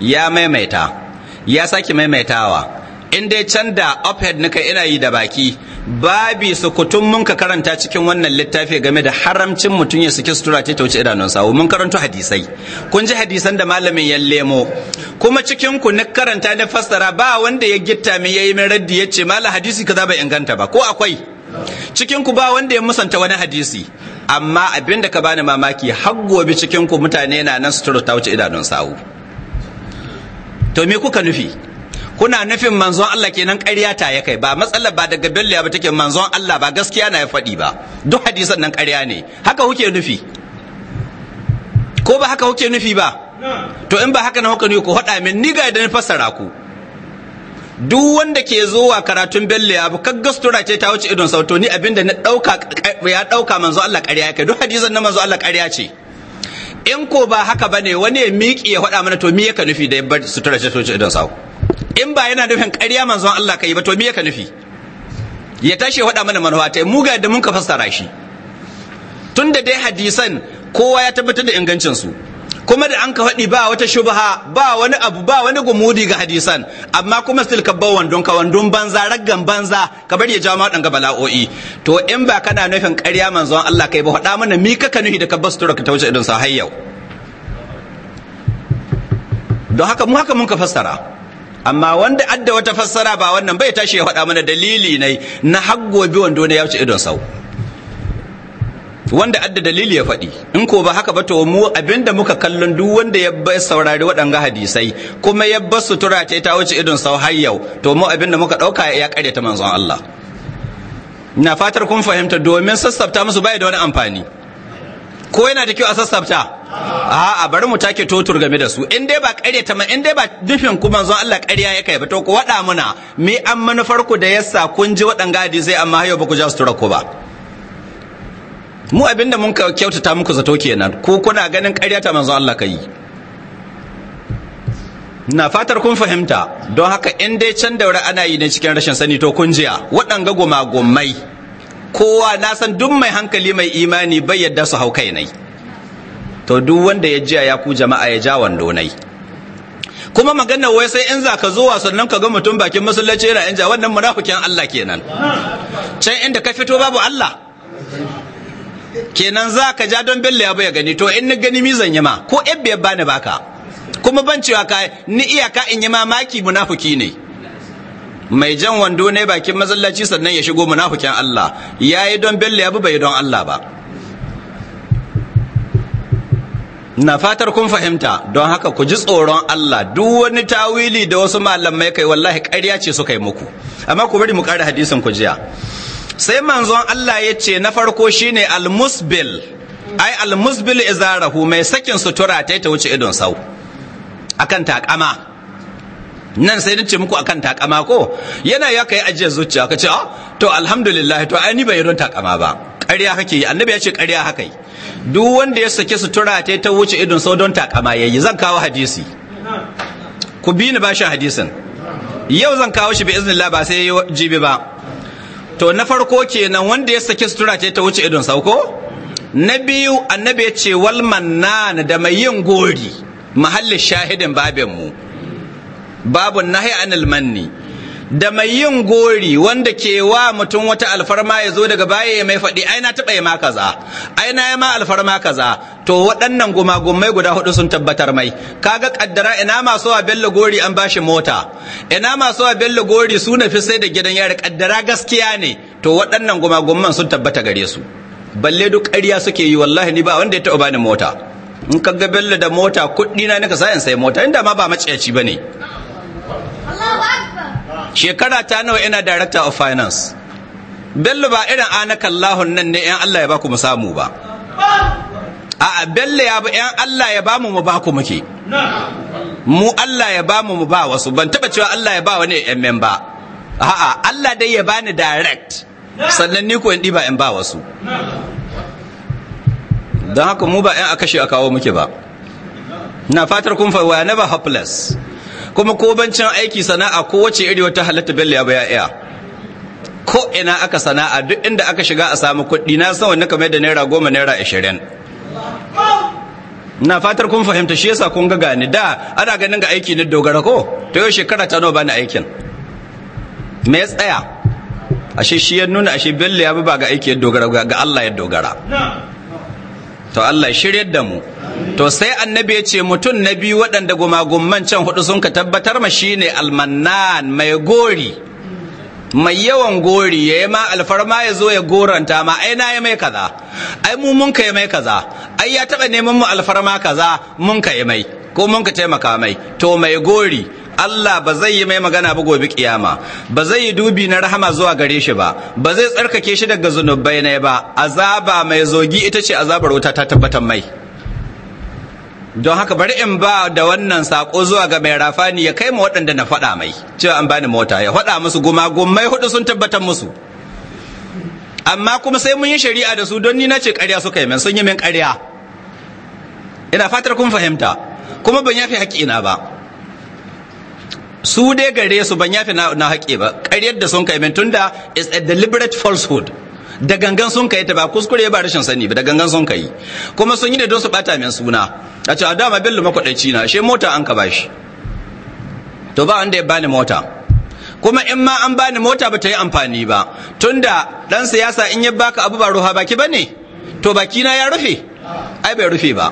ya maimaita ya sake maimaitawa in dai can da ophead nika ina yi da baki babi sukutun mun ka karanta cikin wannan littafi game da haramcin mutum ya saki sutura ta wuce idanunsa mun karanto hadisai kun ji hadisan da malamin ya lemo kuma cikin ku na karanta na fassara ba wanda ya gitta min yayi min raddi ya ce mala hadisi kaza bai inganta ba ko akwai cikin ku ba wanda ya musanta wani hadisi amma abinda ka bani mamaki har gobe cikin ku mutane na nan sutura ta wuce idanun sawu to me kuka nufi kuna nufin manzon Allah kenan ƙarya ta ya kai ba matsalar ba daga bello ba take manzon Allah ba gaskiya na ya faɗi ba duk hadisan nan ƙarya ne haka kuke nufi ko ba haka kuke nufi ba to in ba haka na kuka ne ku haɗa min ni ga idan fassara ku duk wanda ke zuwa karatun bello ya bu gastura ce ta wuce idon sauto ni abinda na dauka ya ɗauka manzon Allah ƙarya ya kai duk hadisan nan manzon Allah ƙarya ce in ko ba haka bane wani ya miƙi ya faɗa mana to me yake nufi da yabbar sutura ce soce idan sawo in ba yana nufin ƙarya manzon Allah kai ba to me yake nufi ya tashi ya faɗa mana manuwa ta mu ga yadda mun ka fassara shi tunda dai hadisan kowa ya tabbatar da ingancin su kuma da an ka faɗi ba wata shubha ba wani abu ba wani gumudi ga hadisan amma kuma still ka bar wandon ka wandon banza raggan banza ka bari ya jawo ma ga bala'o'i to in ba kana nufin ƙarya manzon Allah kai ba faɗa mana mi ka nuhi da ka bastura ka tauce idan sa har yau don haka mu haka mun ka fassara amma wanda adda wata fassara ba wannan bai tashi ya faɗa mana dalili ne na haggobi wando na ya wuce idon sau wanda adda dalili ya faɗi in ko ba haka ba to mu abinda muka kallon duk wanda ya bai saurari waɗanga hadisai kuma ya bar sutura ta ita wuce idon sau har yau to mu abinda muka ɗauka ya ta manzon Allah na fatar kun fahimta domin sassafta musu bai da wani amfani ko yana da kyau a sassafta a'a bari mu take totur game da su in dai ba ƙarya ta in dai ba nufin ku manzon Allah ƙarya ya kai ba to ku waɗa muna me an manufar ku da yasa kun ji waɗanga hadisai amma yau ba ku ja sutura ku ba mu abinda mun kyautata muku zato kenan ko kuna ganin ƙarya ta manzo Allah kai na fatar kun fahimta don haka in dai can daura ana yi ne cikin rashin sani to kun jiya waɗanga gumagumai kowa na san duk mai hankali mai imani bai yadda su hau kai nai to duk wanda ya jiya ya ku jama'a ya ja wando nai kuma maganar wai sai in za ka zo sannan ka ga mutum bakin musulunci yana in ja wannan munafukin Allah kenan can inda ka fito babu Allah kenan za ka ja don bello ya bai gani to in na gani yi ma ko ebbe ya bani baka kuma ban cewa ka ni iyaka in yi maki munafuki ne mai jan wando ne bakin masallaci sannan ya shigo munafukin Allah ya yi don bello ya bai don Allah ba na fatar kun fahimta don haka ku ji tsoron Allah duk wani tawili da wasu malamai kai wallahi ƙarya ce suka yi muku amma ku bari mu ƙara hadisin ku jiya sai manzon Allah ya ce na farko shine almusbil ai almusbil izarahu mai sakin sutura ta ta wuce idon sau akan takama nan sai nace muku akan takama ko yana ya kai ajiyar zuciya ka ce ah, to alhamdulillah to ai ni bai don takama ba ƙarya yi, annabi ya ce ƙarya haka duk wanda ya saki sutura ta ta wuce idon sau don takama yayi zan kawo hadisi ku bi ni bashin hadisin yau zan kawo shi bi iznillah ba sai jibi ba to na farko kenan wanda ya saki sutura ce ta wuce idon sauko na biyu annabi ya ce wal mannan da mai yin gori mahallin shahidin babin mu babu nahi anil manni da mai yin gori wanda ke wa mutum wata alfarma ya zo daga baya ya mai faɗi aina taɓa ya ma kaza aina ya ma alfarma kaza to waɗannan gumagumai guda hudu sun tabbatar mai kaga kaddara ina masu wa bello gori an bashi mota ina masu wa bello gori su na fi sai da gidan yari kaddara gaskiya ne to waɗannan gumagumman sun tabbata gare su balle duk ƙarya suke yi wallahi ni ba wanda ya taɓa bani mota in ka ga bello da mota kuɗi na nika sayan sai mota inda ma ba maciyaci ba ne shekara ta nawa ina director of finance bello ba irin anaka allahun nan ne yan allah ya baku mu samu ba a bello ya ba yan allah ya bamu mu baku muke mu allah ya bamu mu ba wasu ban taba cewa allah ya ba wani yan memba a'a allah dai ya bani direct sannan ni ko in diba in ba wasu don haka mu ba yan a kashe a kawo muke ba na fatar kun fa wa na ba hopeless kuma ko bancin aiki sana'a ko wace iri wata halatta bello ya baya iya ko ina aka sana'a duk inda aka shiga a samu kuɗi na san wani kamar da naira goma naira ashirin na fatar kun fahimta shi yasa kun ga gani da ana ganin ga aiki na dogara ko to yau shekara ta nawa bani aikin me ya tsaya ashe shi ya nuna ashe bello ya ba ga aiki ya dogara ga Allah ya dogara to Allah shiryar da mu to sai annabi ya ce mutum na biyu waɗanda gumagumman can hudu sun ka tabbatar ma shine almannan mai gori mai yawan gori ya yi ma alfarma ya zo ya goranta ma ai na ya mai kaza ai mu mun ka yi mai kaza ai ya taɓa neman mu alfarma kaza mun ka yi mai ko mun ka taimaka mai to mai gori Allah ba zai yi mai magana ba gobe kiyama ba zai yi dubi na rahama zuwa gare shi ba ba zai tsarkake shi daga zunubai ne ba azaba mai zogi ita ce azabar wuta ta tabbatar mai don haka bari in ba da wannan sako zuwa ga mai rafani ya kai mu waɗanda na faɗa mai cewa an bani mota ya faɗa musu guma gomai hudu sun tabbatar musu amma kuma sai mun yi shari'a da su don ni na ce ƙarya suka yi min sun yi min ƙarya ina fatar kun fahimta kuma ban yafi haƙƙina ba su dai gare su ban yafi na haƙe ba ƙaryar da sun kai min tunda is a deliberate falsehood da gangan sun kai ta ba kuskure ba rashin sani ba da gangan sun kai kuma sun yi da don su bata min suna a ce a dama bello makwaɗaci na she mota an ka bashi to ba wanda ya bani mota kuma in ma an bani mota ba ta yi amfani ba tunda dan siyasa in ya baka abu ba ruha baki bane to bakina ya rufe ai bai rufe ba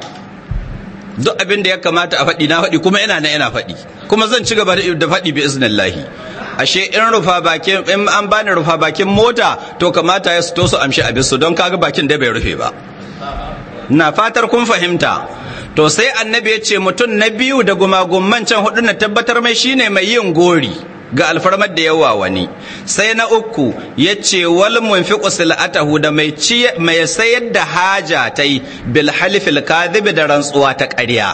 duk abin da ya kamata a faɗi na faɗi kuma ina na ina faɗi kuma zan ci gaba da faɗi bi iznillahi ashe in rufa bakin in an bani rufa bakin mota to kamata ya sito su amshi abin su don kaga bakin da bai rufe ba na fatar kun fahimta to sai annabi ya ce mutum na biyu da gumagumman can hudu na tabbatar mai shine mai yin gori ga alfarmar da yawa wani sai na uku ya ce wal munfiqu silatahu da mai ci mai sayar da haja ta yi bil halifil kadhibi da rantsuwa ta ƙarya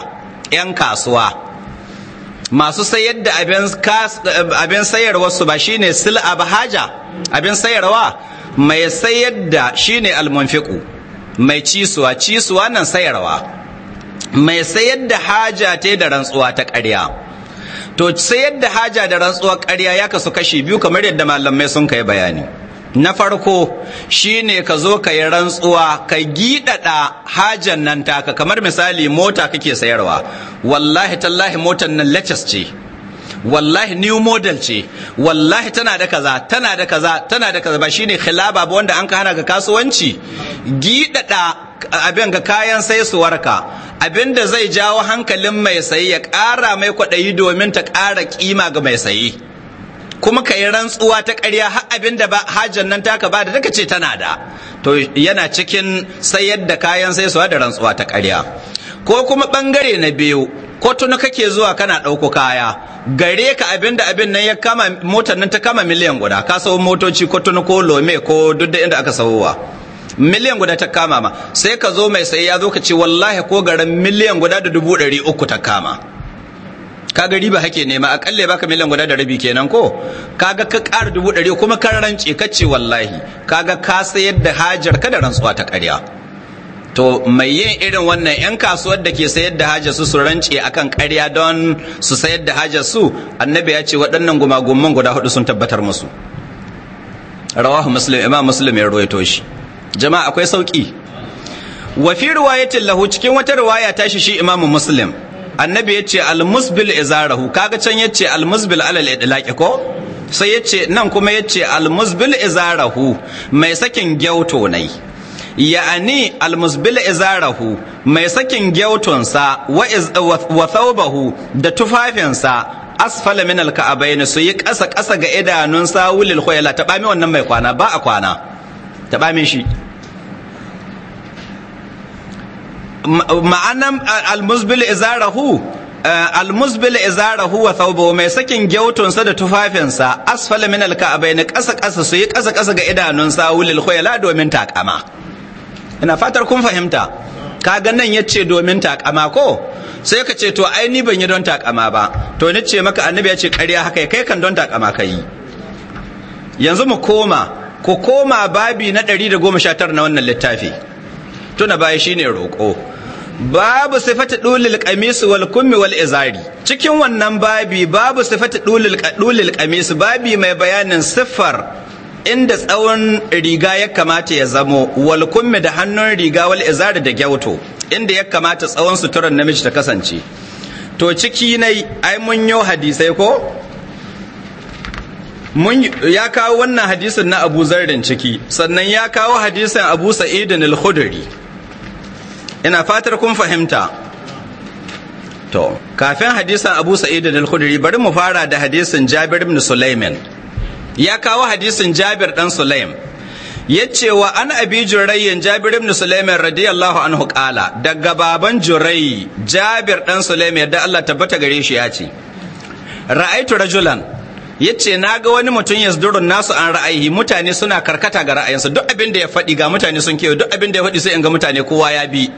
yan kasuwa masu sayar da abin sayarwa su ba shine sil haja abin sayarwa mai sayar da shine al munfiqu mai cisuwa cisuwa nan sayarwa mai sayar da haja ta da rantsuwa ta ƙarya to sai yadda haja da rantsuwar ƙarya ya kasu kashi biyu kamar yadda malamai sun kai bayani na farko shine ka zo ka yi rantsuwa ka giɗaɗa hajan nan taka kamar misali mota kake sayarwa wallahi tallahi motar nan latest ce wallahi new model ce wallahi tana da kaza tana da kaza tana da kaza ba shine khilaba ba wanda an ka hana ga kasuwanci giɗaɗa abin ga kayan sai su warka abinda zai jawo hankalin mai sayi ya ƙara mai kwaɗayi domin ta ƙara ƙima ga mai sayi kuma ka yi rantsuwa ta ƙarya har abin da hajjan nan taka ba da ce tana da to yana cikin sayar da kayan sai da rantsuwa ta ƙarya ko kuma ɓangare na biyu ko tuna kake zuwa kana ɗauko kaya gare ka abin da abin nan ya kama motar nan ta kama miliyan guda ka sau motoci ko tuna ko lome ko duk da inda aka sauwa miliyan guda ta kama ma sai ka zo mai sai ya zo ka ce wallahi ko garin miliyan guda da dubu ɗari uku ta kama Ka gari riba hake nema a kalle baka miliyan guda da rabi kenan ko kaga ka ƙara dubu ɗari kuma ka rance ka ce wallahi kaga ka sayar da hajar ka da rantsuwa ta ƙarya to mai yin irin wannan 'yan kasuwar da ke sayar da hajar su su rance akan ƙarya don su sayar da hajar su annabi ya ce waɗannan gumagumman guda hudu sun tabbatar musu rawahu muslim imam muslim ya ruwaito shi jama'a akwai sauki wa fi riwayatin lahu cikin wata riwaya ta shi shi imamu muslim annabi ya yace almusbil izarahu kaga can ya yace almusbil alal idlaqi ko sai ya ce nan kuma ya yace almusbil izarahu mai sakin gyauto nai ya'ani almusbil izarahu mai sakin gyautonsa wa thawbahu da tufafinsa asfala min alka'abaini su yi kasa kasa ga idanun sawulil khuyala ta bami wannan mai kwana ba a kwana ta bami shi ma'anan almusbil izarahu almusbil izarahu wa thawbu mai sakin gyautunsa da tufafinsa asfala min alka'abain ƙasa ƙasa su yi ƙasa ƙasa ga idanun wulil khuyala domin takama ina fatar kun fahimta Ka ga nan yace domin takama ko sai ka ce to ai ni ban yi don takama ba to ni ce maka annabi ya ce ƙarya haka kai kan don takama kai yanzu mu koma ku koma babi na 119 na wannan littafi tuna baya shine roƙo babu sifati dulil qamis wal kummi wal izari cikin wannan babi babu sifati dulil dulil qamis babi mai bayanin siffar inda tsawon riga ya kamata ya zamo wal kummi da hannun riga wal izari da gyauto inda ya kamata tsawon suturar namiji ta kasance to ciki nai ai mun yi hadisai ko mun ya kawo wannan hadisin na Abu Zardin ciki sannan ya kawo hadisin Abu Sa'id al-Khudri ina fatar kun fahimta to kafin hadisin abu sa'id al-khudri bari mu fara da hadisin jabir ibn sulaiman ya kawo hadisin jabir dan sulaim yace wa an abi jurayyin jabir ibn sulaiman radiyallahu anhu qala daga baban jurayyi jabir dan sulaiman da Allah tabbata gare shi ya ce ra'aitu rajulan yace naga wani mutum yasdurun nasu an ra'ayi mutane suna karkata ga ra'ayinsa duk abin da ya faɗi ga mutane sun kewa duk abin da ya faɗi sai in ga mutane kowa ya bi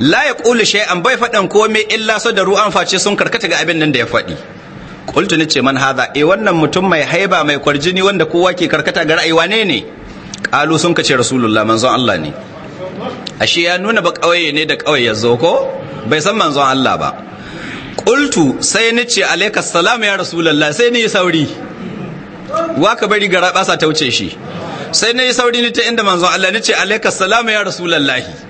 la ya ƙulu an bai faɗan komai illa so da ruwan face sun karkata ga abin nan da ya faɗi ni ce man haza, e wannan mutum mai haiba mai kwarjini wanda kowa ke karkata ga ra'ayi wane ne Ƙalu sun kace rasulullah manzon Allah ne ashe ya nuna ba ƙawaye ne da ƙawaye ya zo ko bai san manzon Allah ba ƙultu sai ni ce alaika salam ya rasulullah sai ni sauri Wa ka bari gara ɓasa ta wuce shi sai yi sauri ni ta inda manzon Allah ni ce alaika salam ya rasulullahi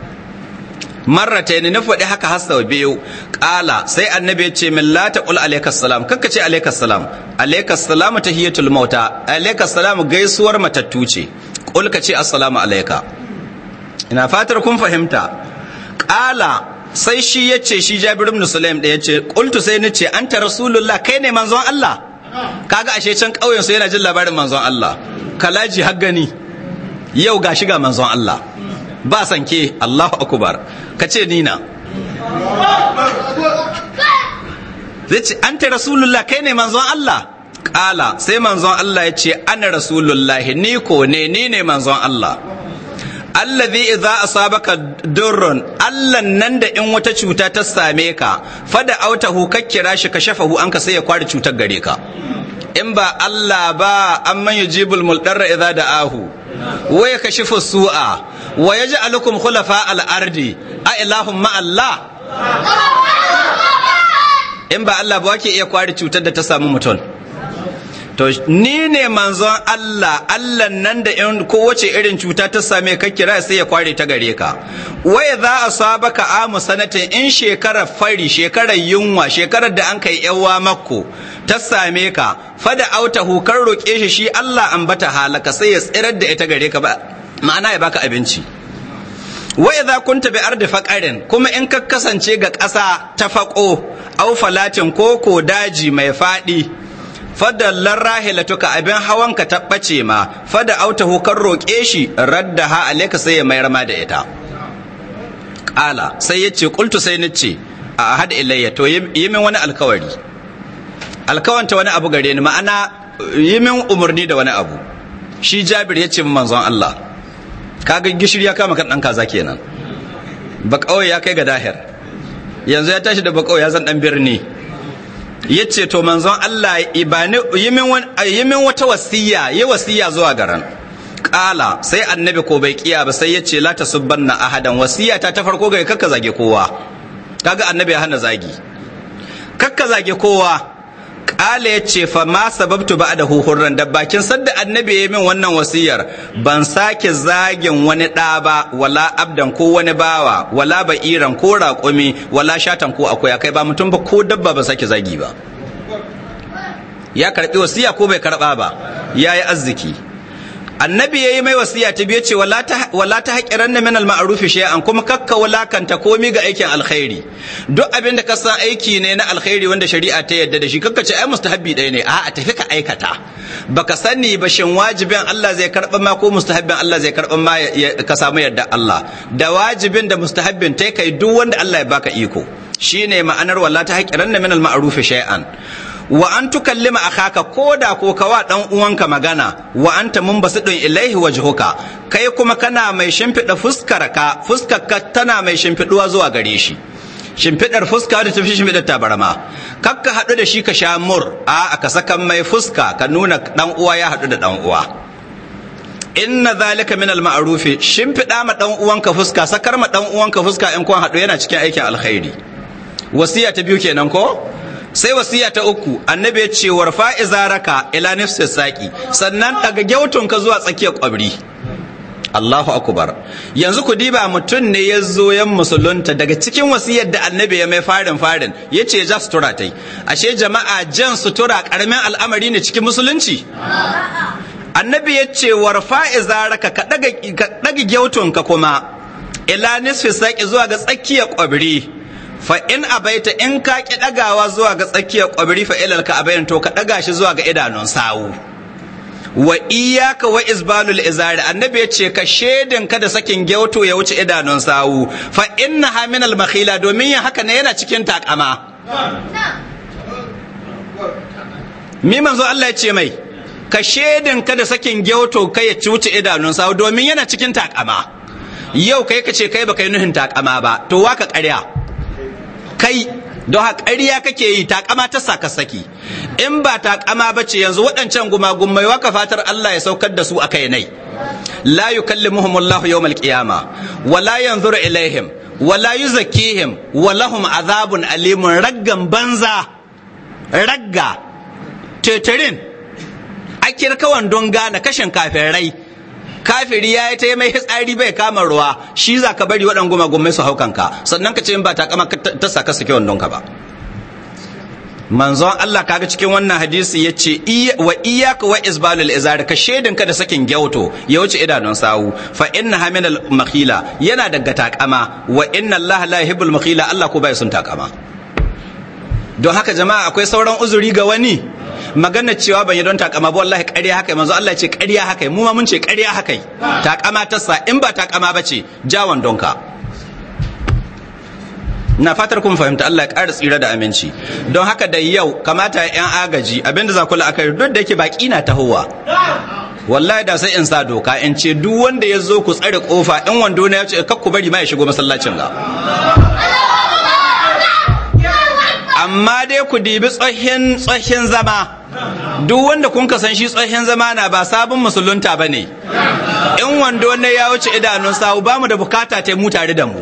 marrataini na faɗi haka har sau biyu ƙala sai annabi ya ce min lata taqul alayka salam kanka ce alayka salam alayka salam tahiyatul mauta salam gaisuwar matattu ce qul ka ce assalamu alayka ina fatar kun fahimta ƙala sai shi ya ce shi Jabiru ibn Sulaim da ya ce qultu sai ni ce anta rasulullah kai ne manzon Allah kaga ashe can ƙauyen su yana jin labarin manzon Allah kalaji har gani yau gashi ga manzon Allah ba sanke Allahu akbar ka ce nina zai ce an ta rasulullah kai ne manzon Allah ƙala sai manzon Allah ya ce ana rasulullahi ni ko ne ni ne manzon Allah allazi idza asabaka durrun allan nan da in wata cuta ta same ka fada autahu ka kira shi ka shafahu an ka sai ya kwari cutar gare ka in ba Allah ba amman yujibul muldarra idza da'ahu ka shifa su'a wa ya yaj'alukum khulafa hulafa ardi a ilahun in ba Allah ba wake iya kwari cutar da ta samu mutum to ni ne manzon Allah Allah nan da in kowace irin cuta ta same ka kira sai ya kware ta gare ka wai za a saba ka amu sanatin in shekarar fari shekarar yunwa shekarar da an kai yawa mako ta same ka fada auta hukar roƙe shi shi Allah an ambata halaka sai ya tsirar da ita gare ka ba ma'ana ya baka abinci wa idza kunta bi arda faqarin kuma in ka kasance ga ƙasa ta faƙo aw falatin ko ko daji mai fadi fadallar rahilatuka abin hawan ka bace ma fada auta kan roƙe shi raddaha alayka sai ya mayar ma da ita qala sai yace qultu sai nace a hada ilayya to yi min wani alkawari alkawanta wani abu gare ni ma'ana yi min umarni da wani abu shi jabir yace manzon Allah kaga gishiri ya kama kan dan kaza kenan ba kawai ya kai ga dahir yanzu ya tashi da ba kawai ya zan dan birni yace to manzon Allah ibani yimin wata wasiya ya wasiya zuwa garan kala sai annabi ko bai kiya ba sai yace la tasubbanna ahadan wasiya ta ta farko ga kakka zage kowa kaga annabi ya hana zagi kakka zage kowa Ali ya ce fa ma sababtu ba da huhurran da bakin sadda annabi ya min wannan wasiyar ban sake zagin wani ɗa ba wala abdan ko wani bawa wala ba ko raƙumi wala shatan ko akwai kai ba mutum ba ko dabba ba sake zagi ba ya karɓi wasiya ko bai karɓa ba ya yi arziki annabi yayi mai wasiya ta biye ce wala ta haƙiran na min al-ma'ruf shay'an kuma kakka wulakanta komi ga aikin alkhairi duk abin da ka san aiki ne na alkhairi wanda shari'a ta yarda da shi kakka ce ai mustahabbi ɗaya ne a'a tafi ka aikata baka sani ba shin wajibin Allah zai karɓa ma ko mustahabbin Allah zai karɓa ma ka samu yarda Allah da wajibin da mustahabbin tai kai duk wanda Allah ya baka iko shine ma'anar wala ta na min al-ma'ruf shay'an wa an tukallima akhaka koda ko kawa dan uwanka magana wa anta ɗin ilaihi wajhuka kai kuma kana mai shimfida fuskar ka fuskar ka tana mai shimfiduwa zuwa gare shi shimfidar fuska da tafi shimfidar tabarma kakka hadu da shi ka sha mur a ka saka mai fuska ka nuna dan uwa ya hadu da dan uwa inna zalika min al-ma'rufi shimfida ma dan uwanka fuska sakar ma dan uwanka fuska in kun hadu yana cikin aikin alkhairi wasiya ta biyu kenan ko sai wasiya ta uku annabi ya ce warfa izaraka ila nafsi saki sannan daga gyautunka zuwa tsakiyar kwabri Allahu akubar yanzu ku diba mutum ne ya zo yan musulunta daga cikin wasiyar da annabi ya mai farin farin ya ce ja sutura tai ashe jama'a jan sutura karamin al'amari ne cikin musulunci annabi ya ce warfa izaraka ka daga gyautunka kuma ila nisfi saki zuwa ga tsakiyar kwabri fa in abaita in ka ki dagawa zuwa ga tsakiyar kwabiri fa ilal ka abayin to ka daga shi zuwa ga idanun sawu wa iyyaka wa izbalul izari annabi ya ce ka shedin ka da sakin gyauto ya wuce idanun sawu fa inna ha minal makhila domin yin haka ne yana cikin takama mi manzo Allah ya ce mai ka shedin ka da sakin gyauto ka ya wuce idanun sawu domin yana cikin takama yau kai ka ce kai baka yi nuhin takama ba to waka ƙarya kai don haka ƙarya kake yi takama ta saka saki in ba takama ba ce yanzu waɗancan mai waka fatar Allah ya saukar da su a kai nai la yukallimuhumullahu yawmal qiyama wala yanzuru ilaihim wala yuzakkihim walahum azabun alimun raggan banza ragga tetirin akirkawan don gana kashin kafirai kafiri ya yi ta mai tsari bai kama ruwa shi za ka bari waɗanda goma goma su haukanka sannan ka ce in ba ta kama ta saka sake wandon ka ba manzon Allah kaga cikin wannan hadisi ya ce wa iyaka wa izbalul izar ka shaidin ka da sakin gyauto ya wuce idanun sawu fa inna makhila yana daga takama wa inna Allah la yuhibbul Allah ko bai sun takama don haka jama'a akwai sauran uzuri ga wani magana cewa ban yi don takama ba wallahi ƙarya haka manzo Allah ce ƙarya haka mu ma mun ce ƙarya haka takama ta sa in ba takama ba ce jawon donka na fatar kun fahimta Allah ya ƙara tsira da aminci don haka da yau kamata yan agaji abinda za kula akai duk da yake baki na tahowa wallahi da sai in sa doka in ce duk wanda ya zo ku tsare kofa in wando na ya ce kakku bari ma ya shigo masallacin ga amma dai ku dibi tsohin tsohin zama duk wanda kun san shi tsohin zama na ba sabon musulunta ba ne in wando na ya wuce idanun sawu ba mu da bukata ta mu tare da mu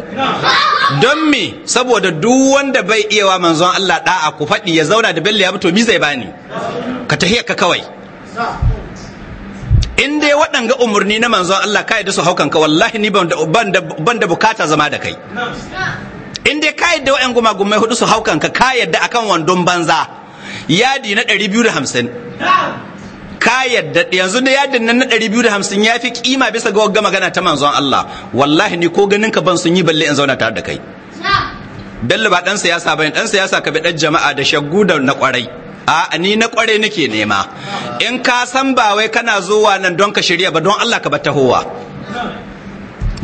don me saboda duk wanda bai iya wa manzon Allah da'a ku faɗi ya zauna da bello ya fito mi zai bani ka tahiya ka kawai in dai waɗanga umarni na manzon Allah kai da su haukanka wallahi ni ban da bukata zama da kai in dai ka yadda wa'yan gumagumai hudu su haukan ka ka yadda akan wandon banza yadi na 250 ka yadda yanzu da yadin nan na 250 ya fi kima bisa ga wagga magana ta manzon Allah wallahi ni ko ganin ka ban sun yi balle in zauna tare da kai Bello ba dan siyasa bane dan siyasa ka bi dan jama'a da shaggu da na kwarai a ni na kware nake nema in ka san ba wai kana zuwa nan don ka shirya ba don Allah ka bar tahowa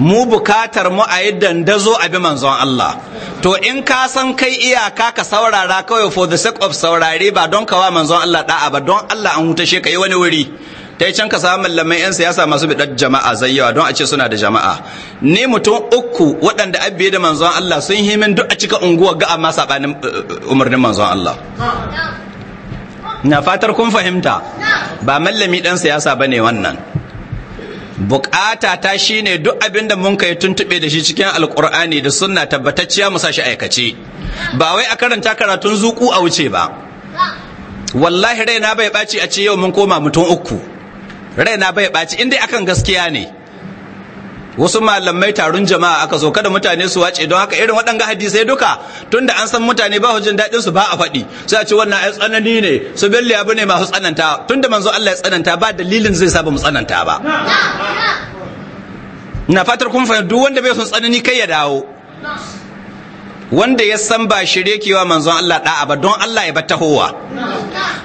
mu bukatar mu a yi dandazo a bi manzon Allah to in ka san kai iyaka ka saurara kawai for the sake of saurare ba don kawa manzon Allah da'a ba don Allah an hutashe ka yi wani wuri ta yi can ka samu mallamai 'yan siyasa masu bidar jama'a zayyawa don a ce suna da jama'a ni mutum uku waɗanda abiye da manzon Allah sun yi min duk a cika unguwar ga amma saɓanin uh, uh, umarnin manzon Allah na fatar kun fahimta ba mallami ɗan siyasa ba ne wannan bukata ta shine duk abin da mun kai tuntube da shi cikin alkur'ani da sunna tabbatacciya mu sashi aikace ba wai a karanta karatun zuku a wuce ba wallahi raina bai baci a ce yau mun koma mutum uku raina bai baci inda akan gaskiya ne wasu malamai taron jama'a aka zo kada mutane su wace don haka irin waɗanga hadisai duka tunda an san mutane ba hujjin daɗin su ba a faɗi sai a ce wannan ai tsanani ne su bille abu ne masu tsananta tunda manzo Allah ya tsananta ba dalilin zai sa ba mu tsananta ba na fatar kun fahimta duk wanda bai son tsanani kai ya dawo wanda ya san ba shirye kewa manzon Allah da'a ba don Allah ya bar tahowa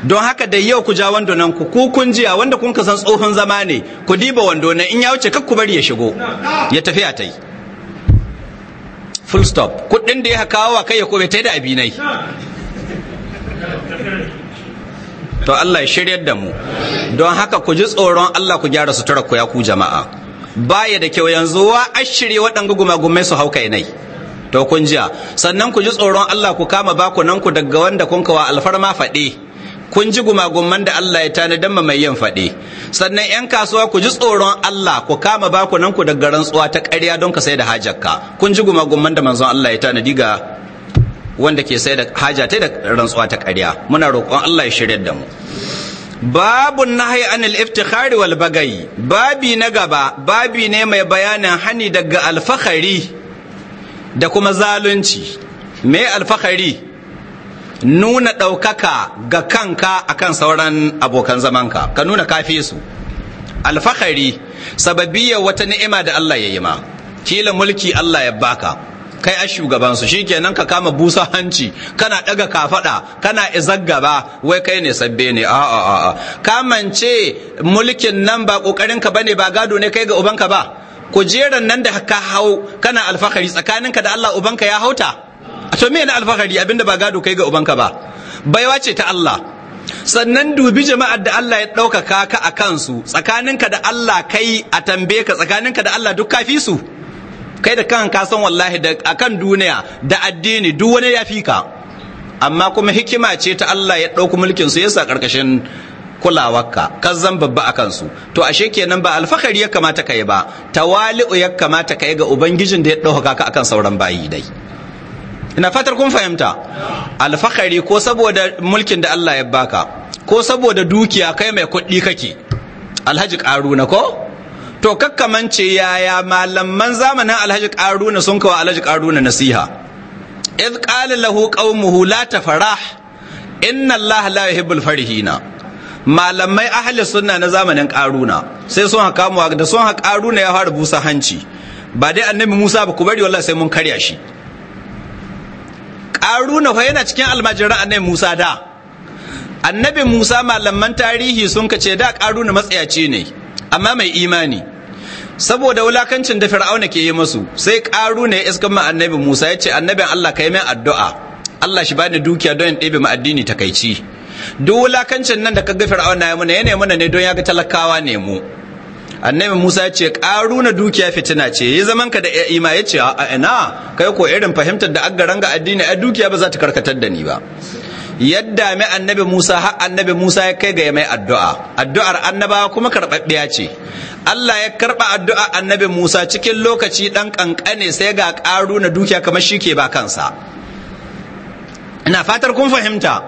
don haka da yau ku ja nan ku ku kun jiya wanda kun san tsohon zama ne ku diba wando nan in ya wuce kak ku bari ya shigo ya tafi a tai full stop kudin da ya kawo wa kai ya kobe tai da abinai to Allah ya shiryar da mu don haka ku ji tsoron Allah ku gyara sutura ku ya ku jama'a baya da kyau yanzu wa ashirye waɗanga gumagumai su hauka inai to kun jiya sannan ku ji tsoron Allah ku kama baku nan ku daga wanda kun wa alfarma faɗe kun ji gumagumman da Allah ya tani dan mai yin faɗe sannan yan kasuwa ku ji tsoron Allah ku kama baku nan ku daga rantsuwa ta ƙarya don ka sai da hajarka kun ji gumagumman da manzon Allah ya tani diga wanda ke sai da haja ta da rantsuwa ta ƙarya muna roƙon Allah ya shirya da mu babu nahyi anil iftikhari wal bagai babi na gaba babi ne mai bayanin hani daga alfahari da kuma zalunci me alfahari nuna ɗaukaka ga kanka akan sauran abokan zamanka ka nuna kafi su alfahari sababiyar wata ni'ima da Allah ya yi ma kila mulki Allah ya baka kai a shugabansu shikenan ka kama busa hanci kana daga kafaɗa kana izaggaba wai kai ne sabbe ne a a a kamance mulkin nan ba kokarin ka bane ba gado ne kai ga ubanka ba kujeran nan da ka hau kana alfahari tsakaninka da Allah ubanka ya hauta to me na alfahari abinda ba gado kai ga ubanka ba baiwa ce ta Allah sannan dubi jama'ar da Allah ya ɗaukaka ka a kansu tsakaninka da Allah kai a tambaye ka tsakaninka da Allah duk kafi su kai da kan ka san wallahi da akan duniya da addini duk wani ya fi ka amma kuma hikima ce ta Allah ya ɗauki mulkin su yasa ƙarƙashin kulawarka ka zan babba a kansu to ashe kenan ba alfahari ya kamata ka yi ba tawali'u ya kamata ka yi ga ubangijin da ya ɗaukaka ka akan sauran bayi dai ina fatar kun fahimta alfakari ko saboda mulkin da Allah ya baka ko saboda dukiya kai mai kuɗi kake alhaji ƙaruna ko to kakkamance yaya malaman zamanin alhaji ƙaruna sun kawo alhaji ƙaruna nasiha idh qala lahu qaumuhu la tafrah inna allaha la yuhibbul farihina malamai ahli sunna na zamanin ƙaruna, sai sun haka da sun haka ya fara busa hanci ba dai annabi Musa ba ku bari wallahi sai mun karya shi haruna fa yana cikin almajiran annabi musa da annabi musa malaman tarihi sun kace da karuna matsayaci ne amma mai imani saboda wulakancin da fir'auna ke yi masu sai karuna ya iska ma annabi musa ya ce annabin allah ka kai min addu'a allah shi bani dukiya don in ɗebe ma addini takaici duk wulakancin nan da kaga fir'auna ya muna ya ne muna ne don ya ga talakawa ne mu annabi Musa ya ce na dukiya fitina ce yi zaman ka da ima ya ce a ina kai ko irin fahimtar da aggaran ga addini a dukiya ba za ta karkatar da ni ba yadda mai annabi Musa har annabi Musa ya kai ga ya mai addu'a addu'ar annabawa kuma karɓaɓɓiya ce Allah ya karɓa addu'a annabi Musa cikin lokaci ɗan ƙanƙane sai ga na dukiya kamar shi ke ba kansa ina fatar kun fahimta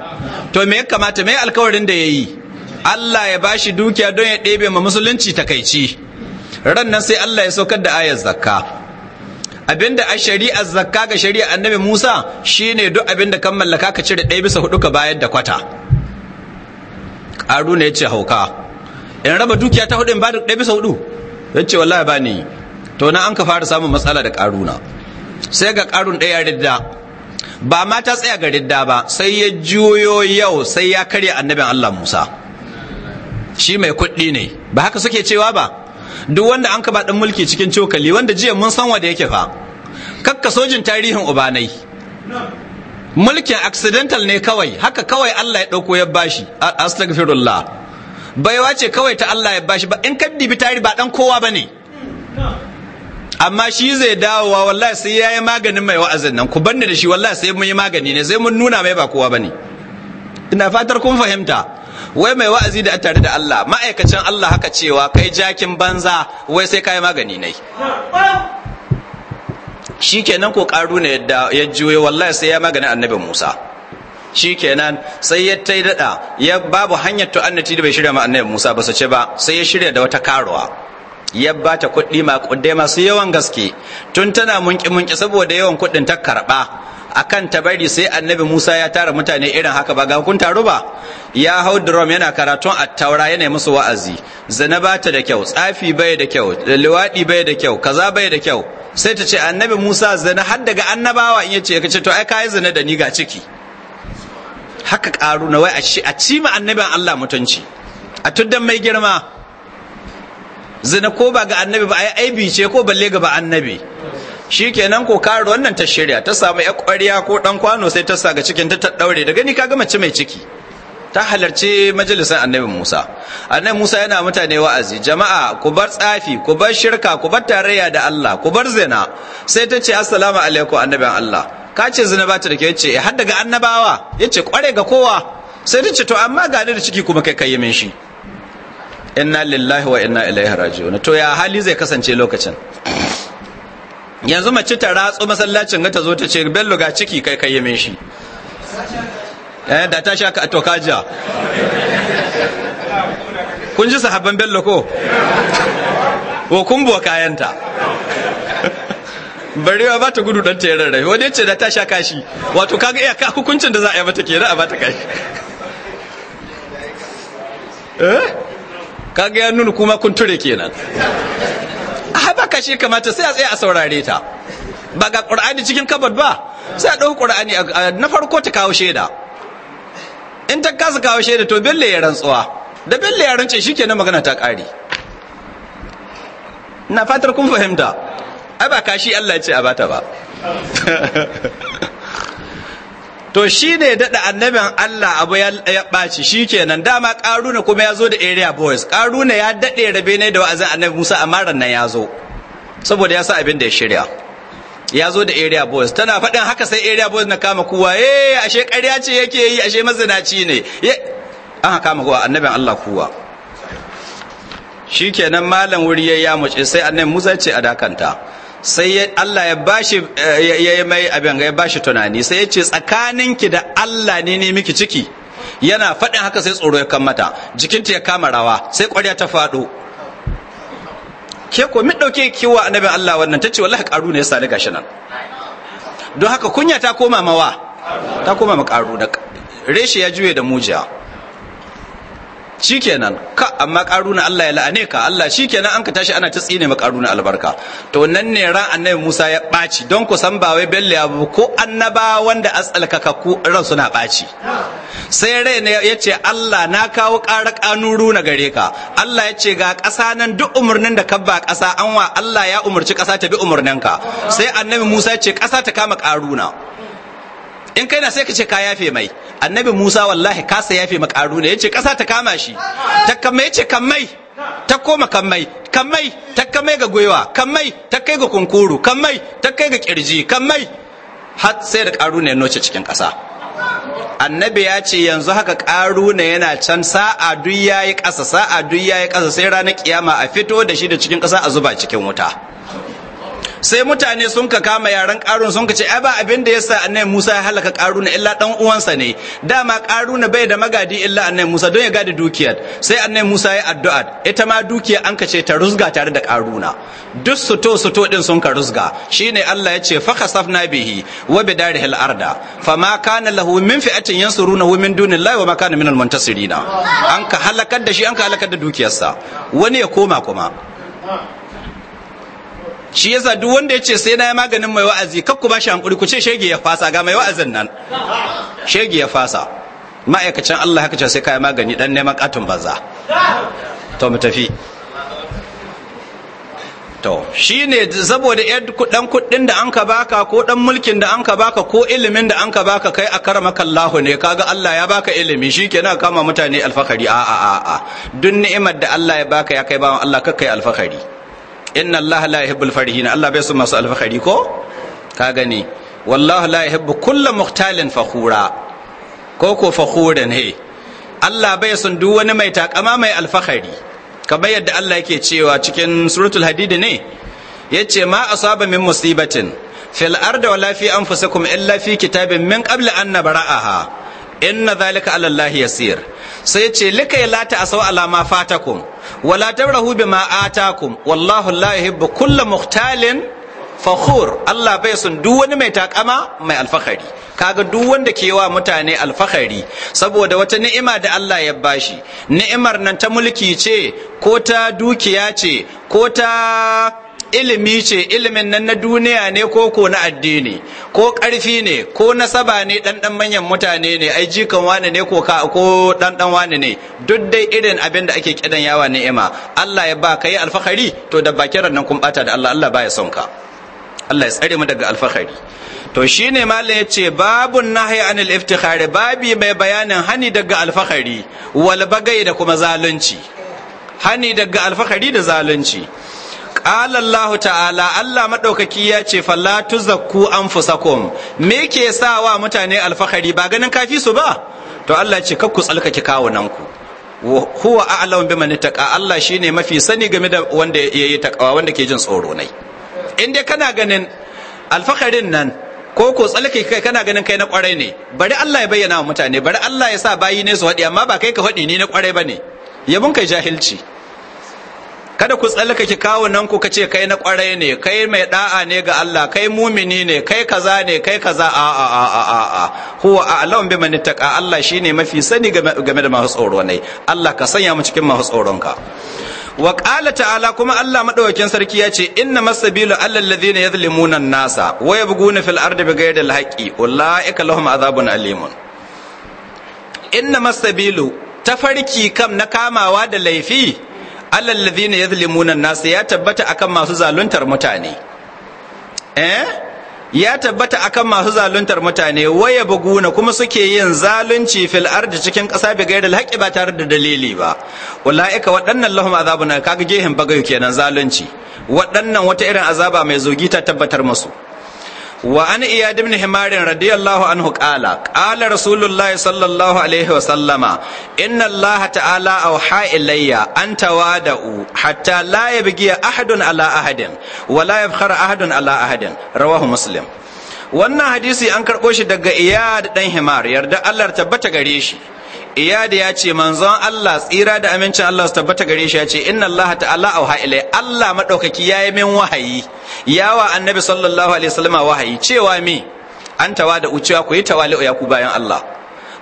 to me ya kamata me alkawarin da ya yi Allah ya ba shi dukiya don ya ɗebe ma musulunci takaici ran nan sai Allah ya saukar da ayar zakka abinda a shari'a, zakka ga shari'a annabi Musa shine duk abinda kan mallaka ka cire ɗaya bisa hudu ka bayar da kwata Haruna ya ce hauka in raba dukiya ta hudu in ba da ɗaya bisa hudu ya ce wallahi ba ni to na an ka fara samun matsala da karuna sai ga karun ɗaya ridda ba ma ta tsaya ga ridda ba sai ya juyo yau sai ya karya annabin Allah Musa shi mai kuɗi ne ba haka suke cewa ba duk wanda an kaba ɗan mulki cikin cokali wanda jiya mun san wa da yake fa kakka sojin tarihin ubanai mulkin accidental ne kawai haka kawai Allah ya ɗauko ya bashi astaghfirullah baiwa ce kawai ta Allah ya bashi ba in ka dibi tari ba dan kowa bane amma shi zai dawowa wallahi sai yayi maganin mai wa'azin nan ku banni da shi wallahi sai mun yi magani ne sai mun nuna mai ba kowa bane ina fatar kun fahimta wai mai wa'azi da tare da Allah ma'aikacin Allah haka cewa kai jakin banza wai sai kai magani nai shikenan ko karu ne yadda ya juye wallahi sai ya magani annabi Musa shikenan sai ya tai dada ya babu hanyar to annati da bai shirya ma annabi Musa ba su ce ba sai ya shirya da wata karuwa ya bata ta kuɗi maƙudai masu yawan gaske tun tana munki munki saboda yawan kuɗin ta karɓa akan tabari sai annabi Musa ya tara mutane irin haka ba ga kun taro ba ya hau drum yana karatun taura yana musu wa'azi zina ba ta da kyau tsafi bai da kyau liwadi bai da kyau kaza bai da kyau sai ta ce annabi Musa zana har daga annabawa in yace kace to ai kai zina da ni ga ciki haka karu na wai a ci ma annabin Allah mutunci a tuddan mai girma zina ko ba ga annabi ba ai aibi ce ko balle ga ba annabi shi kenan ko karo wannan ta shirya ta samu ya kwariya ko ɗan kwano sai ta sa ga cikin ta ɗaure da gani kaga mace mai ciki ta halarci majalisar annabi musa annabi musa yana mutane wa'azi jama'a ku bar tsafi ku bar shirka ku bar tarayya da allah ku bar zina sai ta ce assalamu alaikum annabin allah ka ce zina ba ta da ke eh, har daga annabawa yace ce kware ga kowa sai ta ce to amma ga da ciki kuma kai kai min shi inna lillahi wa inna ilaihi raji'un to ya hali zai kasance lokacin yanzu mace ta ratsu masallacin ga ta zo ta ce bello ga ciki kai kai yamin shi eh da ta sha ka to kaja kun ji sahabban bello ko ko kun buwa kayanta barewa ba ta gudu dan ta yarda wani ya ce da ta sha kashi wato kaga iya ka hukuncin da za a yi mata kenan a ba ta kashi eh kaga ya nuna kuma kun ture kenan habaka shi kamata sai a tsaye a saurare ta ba ga ƙur'ani cikin kabad ba sai a ɗau ƙur'ani na farko ta kawo shaida in ta kasa kawo shaida to belle ya rantsuwa da belle ya rance shi kenan magana ta ƙari na fatar kun fahimta ai ba kashi Allah ce a bata ba to shi ne daɗa annabin Allah abu ya ɓaci shi kenan dama ƙaruna kuma ya zo da area boys ƙaruna ya daɗe rabe ne da wa'azin annabi Musa a maran nan ya zo saboda ya sa abin da ya shirya ya zo da area boys tana faɗin haka sai area boys na kama kuwa eh ashe ƙarya ce yake yi ashe mazinaci ne an kama kuwa annabin Allah kuwa shikenan malam wuri ya yamuce sai annabi Musa ce a dakanta sai Allah ya bashi ya yi mai abin ya bashi tunani sai ya ce tsakaninki da Allah ne ne miki ciki yana faɗin haka sai tsoro ya kammata jikinta ya kama rawa sai ƙwarya ta faɗo ke ko min ɗauke kiwa annabin Allah wannan ta ce wallahi ƙaru ne ya sani gashi nan don haka kunya ta koma mawa ta koma ma ƙaru da reshe ya juye da mujiya shikenan ka amma karuna Allah ya la'ane ka Allah shikenan an ka tashi ana ta tsine ma albarka to nan ne ran annabi Musa ya baci don ku san ba wai belle abu ko annaba wanda ka, ku ran suna ɓaci sai rai ne ya Allah na kawo ƙara kanuru na gare ka Allah yace ce ga ƙasa nan duk umarnin da ka ba ƙasa an wa Allah ya umarci ƙasa ta bi umarninka sai annabi Musa yace ce ƙasa ta kama karuna in kai na sai ka ce ka yafe mai annabi musa wallahi kasa yafe ma karuna yace kasa ta kama shi ta kama yace mai, ta koma kan mai ta kamai ga gwiwa kammai ta kai ga kunkuru kammai ta kai ga kirji mai. har sai da karuna ya noce cikin kasa annabi ya ce yanzu haka karuna yana can sa'a duk yayi kasa sa'a duk yayi kasa sai ranar kiyama a fito da shi da cikin kasa a zuba cikin wuta sai mutane sun ka kama yaran karun sun ka ce ai ba abin da yasa annabi Musa ya halaka karuna illa dan uwansa ne dama karuna bai da magadi illa annabi Musa don ya gadi dukiyar sai annabi Musa ya addu'a ita ma dukiya an ka ce ta rusga tare da karuna duk suto suto din sun ka rusga shine Allah ya ce fa khasafna bihi wa bidarihil arda fama kana lahu min fi'atin wa min dunillahi wa ma kana minal muntasirina an ka halakar da shi an ka halakar da dukiyarsa wani ya koma kuma shi yasa duk wanda ya ce sai na yi maganin mai wa'azi kak ku bashi hankuri ku ce shege ya fasa ga mai wa'azin nan shege ya fasa ma'aikacin Allah haka ce sai kai magani dan neman katun banza to mu tafi to shine saboda dan kuɗin da anka baka ko dan mulkin da anka baka ko ilimin da anka baka kai a karamaka Allah ne kaga Allah ya baka ilimi shikenan kama mutane alfahari a a a duk ni'imar da Allah ya baka ya kai ba Allah kakkai alfahari inna Allah la yuhibbul farihin Allah bai su masu alfahari ko ka gani wallahu la yahibbu kullu muhtalin fakhura ko ko fakhuran he Allah bai son duk wani mai takama mai alfahari kamar yadda Allah yake cewa cikin suratul hadid ne yace ma asaba min musibatin fil ardi wala fi anfusikum illa fi kitabin min qabli an nabra'aha inna zalika ala Allah yasir sai ce lika yalata asau ala ma fatakum wala tabrahu bima atakum wallahu la yuhibbu kull muhtalin fakhur Allah bai sun duk wani mai takama mai alfahari kaga duk wanda ke wa mutane alfahari saboda wata ni'ima da Allah ya bashi ni'imar nan ta mulki ce ko ta dukiya ce ko ta ilimi ce ilimin nan na duniya ne ko ko na addini ko ƙarfi ne ko nasaba ne ɗanɗan manyan mutane ne ai jikan wani ne ko ko ɗanɗan wani ne duk dai irin abin da ake kidan yawa ni'ima Allah ya ba ka yi alfahari to da bakin nan kun bata da Allah Allah baya son ka Allah ya tsare mu daga alfahari to shine malam yace babun nahyi anil iftikhari babi mai bayanin hani daga alfahari wal bagai da kuma zalunci hani daga alfahari da zalunci allahu ta'ala Allah maɗaukaki ya ce fallatu zakku anfusakum me ke sa wa mutane alfahari ba ganin kafi su ba to Allah ce kakku tsalkake kawunanku huwa a'lamu biman taqa Allah shine mafi sani game da wanda yayi takawa wanda ke jin tsoro nai in dai kana ganin alfaharin nan ko ko tsalkake kai kana ganin kai na kwarai ne bari Allah ya bayyana wa mutane bari Allah ya sa bayi ne su haɗi amma ba kai ka haɗi ni na kwarai bane yabun kai jahilci kada ku kawo nan ku kace kai na kwarai ne kai mai da'a ne ga Allah kai mumini ne kai kaza ne kai kaza a a a a a a huwa a'lam biman taqa Allah shine mafi sani game da masu tsoro ne Allah ka sanya mu cikin masu tsoron ka wa qala ta'ala kuma Allah madaukakin sarki ya ce inna masabilu allal ladina yadhlimuna an-nasa wa yabghuna fil ardi bighayri al-haqqi ulaika lahum adhabun alimun inna masabilu tafarki kam na kamawa da laifi allah ladhina yadhlimuna an-nas ya tabbata akan masu zaluntar mutane eh ya tabbata akan masu zaluntar mutane waya buguna kuma suke yin zalunci fil ardi cikin ƙasa bi gairil haqqi ba tare da dalili ba ulaika waɗannan lahum azabuna kaga gehen bagayu kenan zalunci waɗannan wata irin azaba mai zogi ta tabbatar musu wa an iyad ibn himarin radiyallahu anhu qala qala rasulullahi sallallahu alaihi wa sallama inna allah ta'ala awha ilayya an tawada'u hatta la yabghi ahadun ala ahadin wa la yabkhara ahadun ala ahadin rawahu muslim wannan hadisi an karbo shi daga iyad dan himar yarda allah tabbata gare shi iyada ya ce manzon Allah tsira da amincin Allah su tabbata gare shi ya ce inna Allah ta'ala auha ilai Allah madaukaki yayi min wahayi yawa annabi sallallahu alaihi wasallam wahayi cewa me an tawa da ucewa ku yi tawali'u ya ku bayan Allah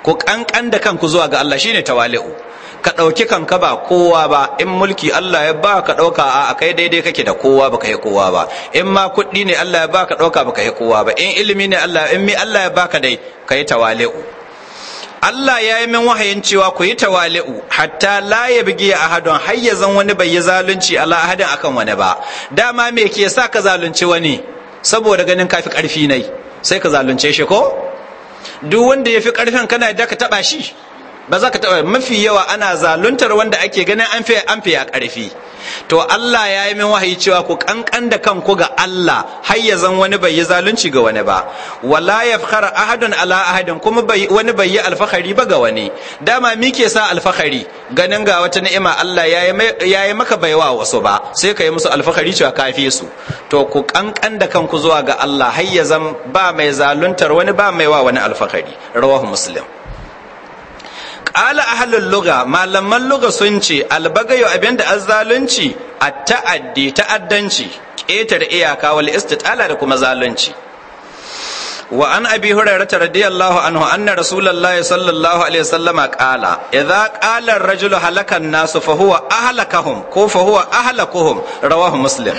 ku kankan da kanku zuwa ga Allah shine tawali'u ka ɗauki kanka ba kowa ba in mulki Allah ya ba ka ɗauka a kai daidai kake da kowa ba ka yi kowa ba in ma kuɗi ne Allah ya ba ka ɗauka ba ka yi kowa ba in ilimi ne Allah in mi Allah ya ba dai ka tawali'u Allah ya yi min wahayin cewa ku yi tawali'u hatta la ya a ahadun har ya zan wani bai yi zalunci a lahadin akan wani ba dama me ke sa ka zalunci wani saboda ganin kafi karfi nai sai ka zalunce shi ko duk wanda ya fi karfin kana da ka taba shi ba za ka taɓa mafi yawa ana zaluntar wanda ake ganin an fiye an fiye a ƙarfi to Allah ya yi min wahayi cewa ku kankan da kanku ga Allah har ya zan wani bai yi zalunci ga wani ba wala yafkhara ahadun ala ahadin kuma wani bai yi alfahari ba ga wani dama mi ke sa alfahari ganin ga wata ni'ima Allah ya yi maka baiwa wasu ba sai ka yi musu alfahari cewa ka fi su to ku kankan da kanku zuwa ga Allah har ya zan ba mai zaluntar wani ba mai wa wani alfahari rawahu muslim qala ahlul lugha malaman lugha sun ce albagayo abinda azzalunci at ta'addi ta'addanci ƙetar iyaka wal istitala da kuma zalunci wa an abi hurairah radiyallahu anhu anna rasulullahi sallallahu alaihi wasallama qala idza qala ar-rajulu halakan nasu fa huwa ahlakahum ko fa huwa ahlakuhum rawahu muslim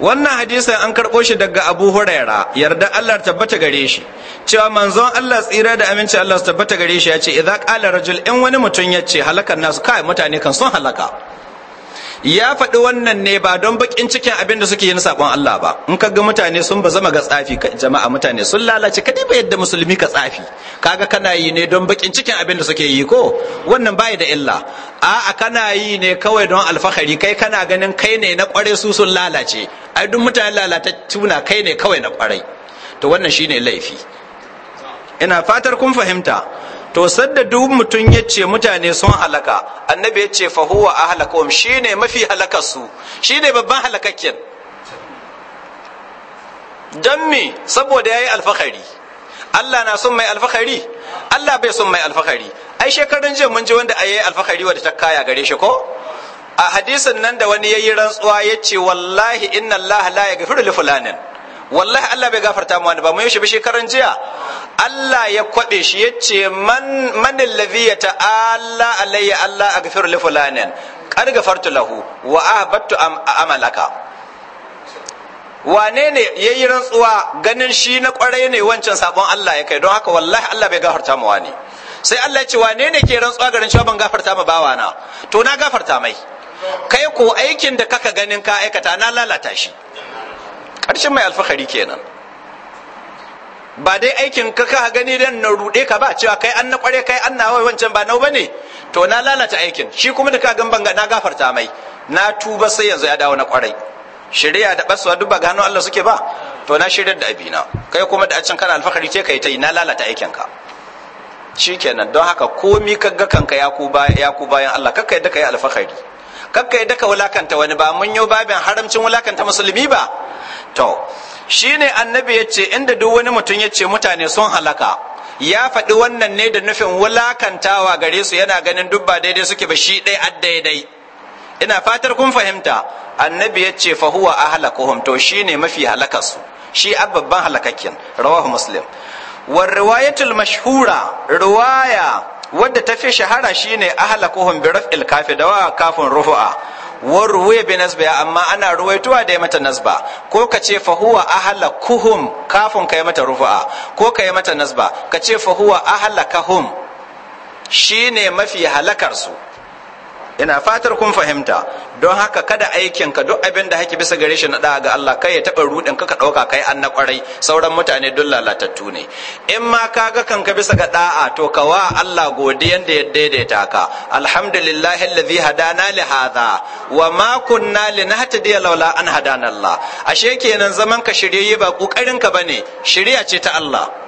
wannan hadisin an karɓo shi daga abu huraira yarda allah tabbata gare shi cewa manzon allah tsira da aminci allah su tabbata gare shi ya ce idan ƙala rajul in wani mutum ya ce halakar nasu kai mutane kan sun halaka ya faɗi wannan ne ba don bakin cikin abin da suke yin sabon Allah ba in ka ga mutane sun ba zama ga tsafi jama'a mutane sun lalace ka ba yadda musulmi ka tsafi kaga kana yi ne don bakin cikin abin da suke yi ko wannan bai da illa a'a kana yi ne kawai don alfahari kai kana ganin kai ne na kware su sun lalace ai duk mutane lalata tuna kai ne kawai na kwarai to wannan shine laifi ina fatar kun fahimta to sadda duk mutum ya ce mutane sun halaka annabi ya ce fahuwa a halakawar shi mafi halakarsu shi ne babban halakakken don me saboda ya yi alfahari Allah na son mai alfahari Allah bai son mai alfahari ai shekarun jiya mun ji wanda ayi alfahari wanda ta kaya gare shi ko a hadisin nan da wani yayi rantsuwa ya ce, wallahi inna Allah la yaghfiru li fulanin wallahi Allah bai gafarta mu wani ba mu shi bi shekaran jiya Allah ya kwabe shi yace man man allazi yata'alla alayya Allah aghfir li fulanin qad ghafartu lahu wa ahbattu amalaka wane ne yayi rantsuwa ganin shi na kwarai ne wancan sabon Allah ya kai don haka wallahi Allah bai gafarta mu wani sai Allah ya ce wane ne ke rantsuwa garin cewa ban gafarta ma na? to na gafarta mai kai ko aikin da kaka ganin ka aikata na lalata shi karshen mai alfahari kenan ba dai aikin ka ka gani dan na rude ka ba cewa kai an na kware kai an na wai wancan ba nau bane to na lalata aikin shi kuma da ka gan banga na gafarta mai na tuba sai yanzu ya dawo na kware shari'a da basuwa duk ba gano Allah suke ba to na shirya da abina kai kuma da a can kana alfahari ce kai ta yi na lalata aikin ka shikenan don haka komi kaga kanka ya ku bayan Allah kakka yadda kai alfahari kakka yadda daka wulakanta wani ba mun yi babin haramcin wulakanta musulmi ba to shine annabi ya ce inda duk wani mutum ya ce mutane sun halaka ya faɗi wannan ne da nufin wulakantawa gare su yana ganin duk ba daidai suke ba shi ɗai daidai ina fatar kun fahimta annabi ya ce fa huwa ahlakuhum to shine mafi halakarsu shi babban halakakken rawahu muslim wa riwayatul mashhura riwaya wadda ta fi shahara shine ahala bi biraf ilkafi da wa kafin rufu'a wa ruwaya bi nasba amma ana ruwaituwa da ya mata nasba ko ka ce fa huwa kuhun kafin kai mata rufu'a ko kai mata nasba ka ce fa huwa Shi ne mafi halakarsu. ina fatar kun fahimta don haka kada aikin ka duk abin da hake bisa gare shi na ga Allah kai ya taba rudin ka ka dauka kai an na kwarai sauran mutane duk lalatattu ne in ma ka ga kanka bisa ga da'a to ka wa Allah godiyan da ya daidaita ka Alhamdulillah alladhi hadana li hadha wa ma kunna linahtadiya laula an hadana Allah ashe kenan zaman ka shirye ba kokarin ka bane shiriya ce ta Allah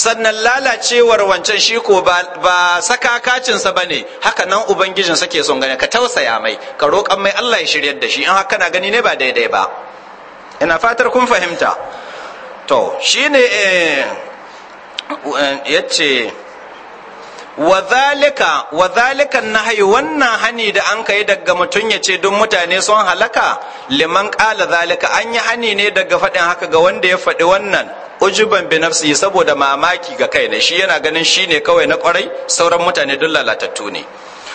sannan lalacewar wancan shi ko ba saka kacinsa ba ne haka nan ubangijin sake son gani ka tausaya mai ka roƙan mai Allah ya shiryar da shi in haka na gani ne ba daidai ba ina fatar kun fahimta to shine eh, eh, yace wa zalika wa zalikan wannan hani da an kai daga mutum ya ce don mutane sun halaka liman qala zalika an yi hani ne daga faɗin haka ga wanda ya faɗi wannan ujuban bi nafsi saboda mamaki ga kai shi yana ganin shi ne kawai na kwarai sauran mutane duk lalatattu ne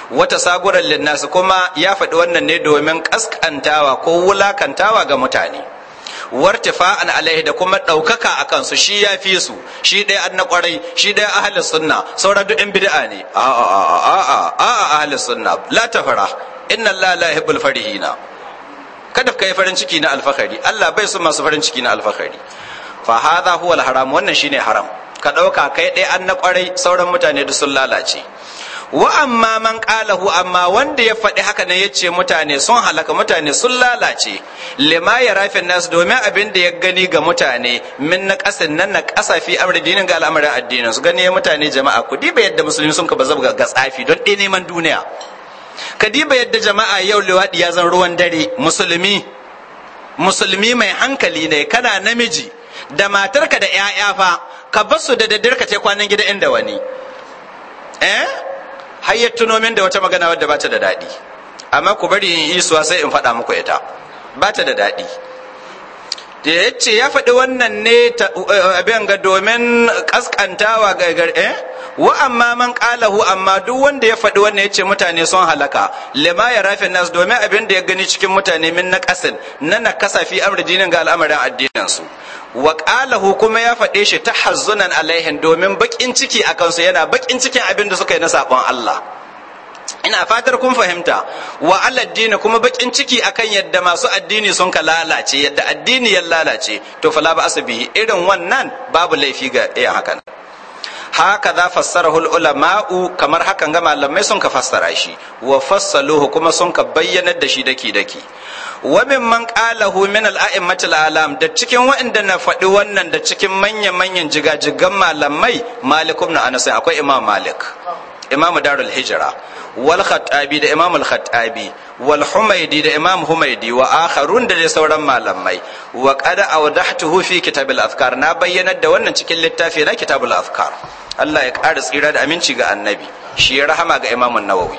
wata saguran linnasu kuma ya faɗi wannan ne domin kaskantawa ko wulakantawa ga mutane wartifa'an alaihi da kuma ɗaukaka a kansu shi ya fi su shi ɗaya an na ƙwarai shi ɗaya ahalin sunna sauran duk 'yan bid'a ne a a a a a ahalin sunna la tafara inna Allah la yuhibbul farihina kada ka yi farin ciki na alfahari Allah bai so masu farin ciki na alfahari fa hadha huwa al haram wannan shine haram ka ɗauka kai ɗaya an na ƙwarai sauran mutane duk sun lalace wa amma man qalahu amma wanda ya faɗi haka ya ce mutane sun halaka mutane sun lalace lima ya rafin nasu domin abin da ya gani ga mutane min na kasin nan na kasafi fi dinin ga al'amarin addinin su gani mutane jama'a ku diba yadda musulmi sun ka bazab ga tsafi don ɗaya neman duniya ka diba yadda jama'a yau liwaɗi ya zan ruwan dare musulmi musulmi mai hankali ne kana namiji da matarka da 'ya'ya fa ka basu da daddare ce kwanan gida inda wani eh har ya tuno da wata magana wadda ba ta da daɗi amma ku bari in isuwa sai in faɗa muku ita ba ta da daɗi da ya ce ya faɗi wannan ne eh, abin ga domin ƙasƙantawa ga eh wa amma man ƙalahu amma duk wanda ya faɗi wannan ya ce mutane sun halaka lima ya rafi nas domin abin da ya gani cikin mutane min na ƙasin na na kasafi jinin ga al'amarin addinin wa ƙalahu kuma ya faɗe shi ta hazzunan alaihin domin baƙin ciki a kansu yana baƙin cikin abin da suka yi na sabon Allah ina fatar kun fahimta wa al addini kuma bakin ciki akan yadda masu addini sun ka lalace yadda addini ya lalace to fala ba asabi irin wannan babu laifi ga iya hakan haka za fassarahul ulama'u kamar hakan ga malamai sun ka fassara shi wa fassaluhu kuma sun ka bayyana da shi daki daki wa mimman qalahu min al-a'immatil alam da cikin waɗanda na faɗi wannan da cikin manyan manyan jigajigan malamai malikum na anas akwai imam malik imamu darul hijra wal khattabi da imam al khattabi wal humaydi da imam humaydi wa akharun da dai sauran malamai wa qad awdahtuhu fi kitab al afkar na bayyanar da wannan cikin littafi na kitab al afkar Allah ya ƙara tsira da aminci ga annabi shi ya rahama ga imam nawawi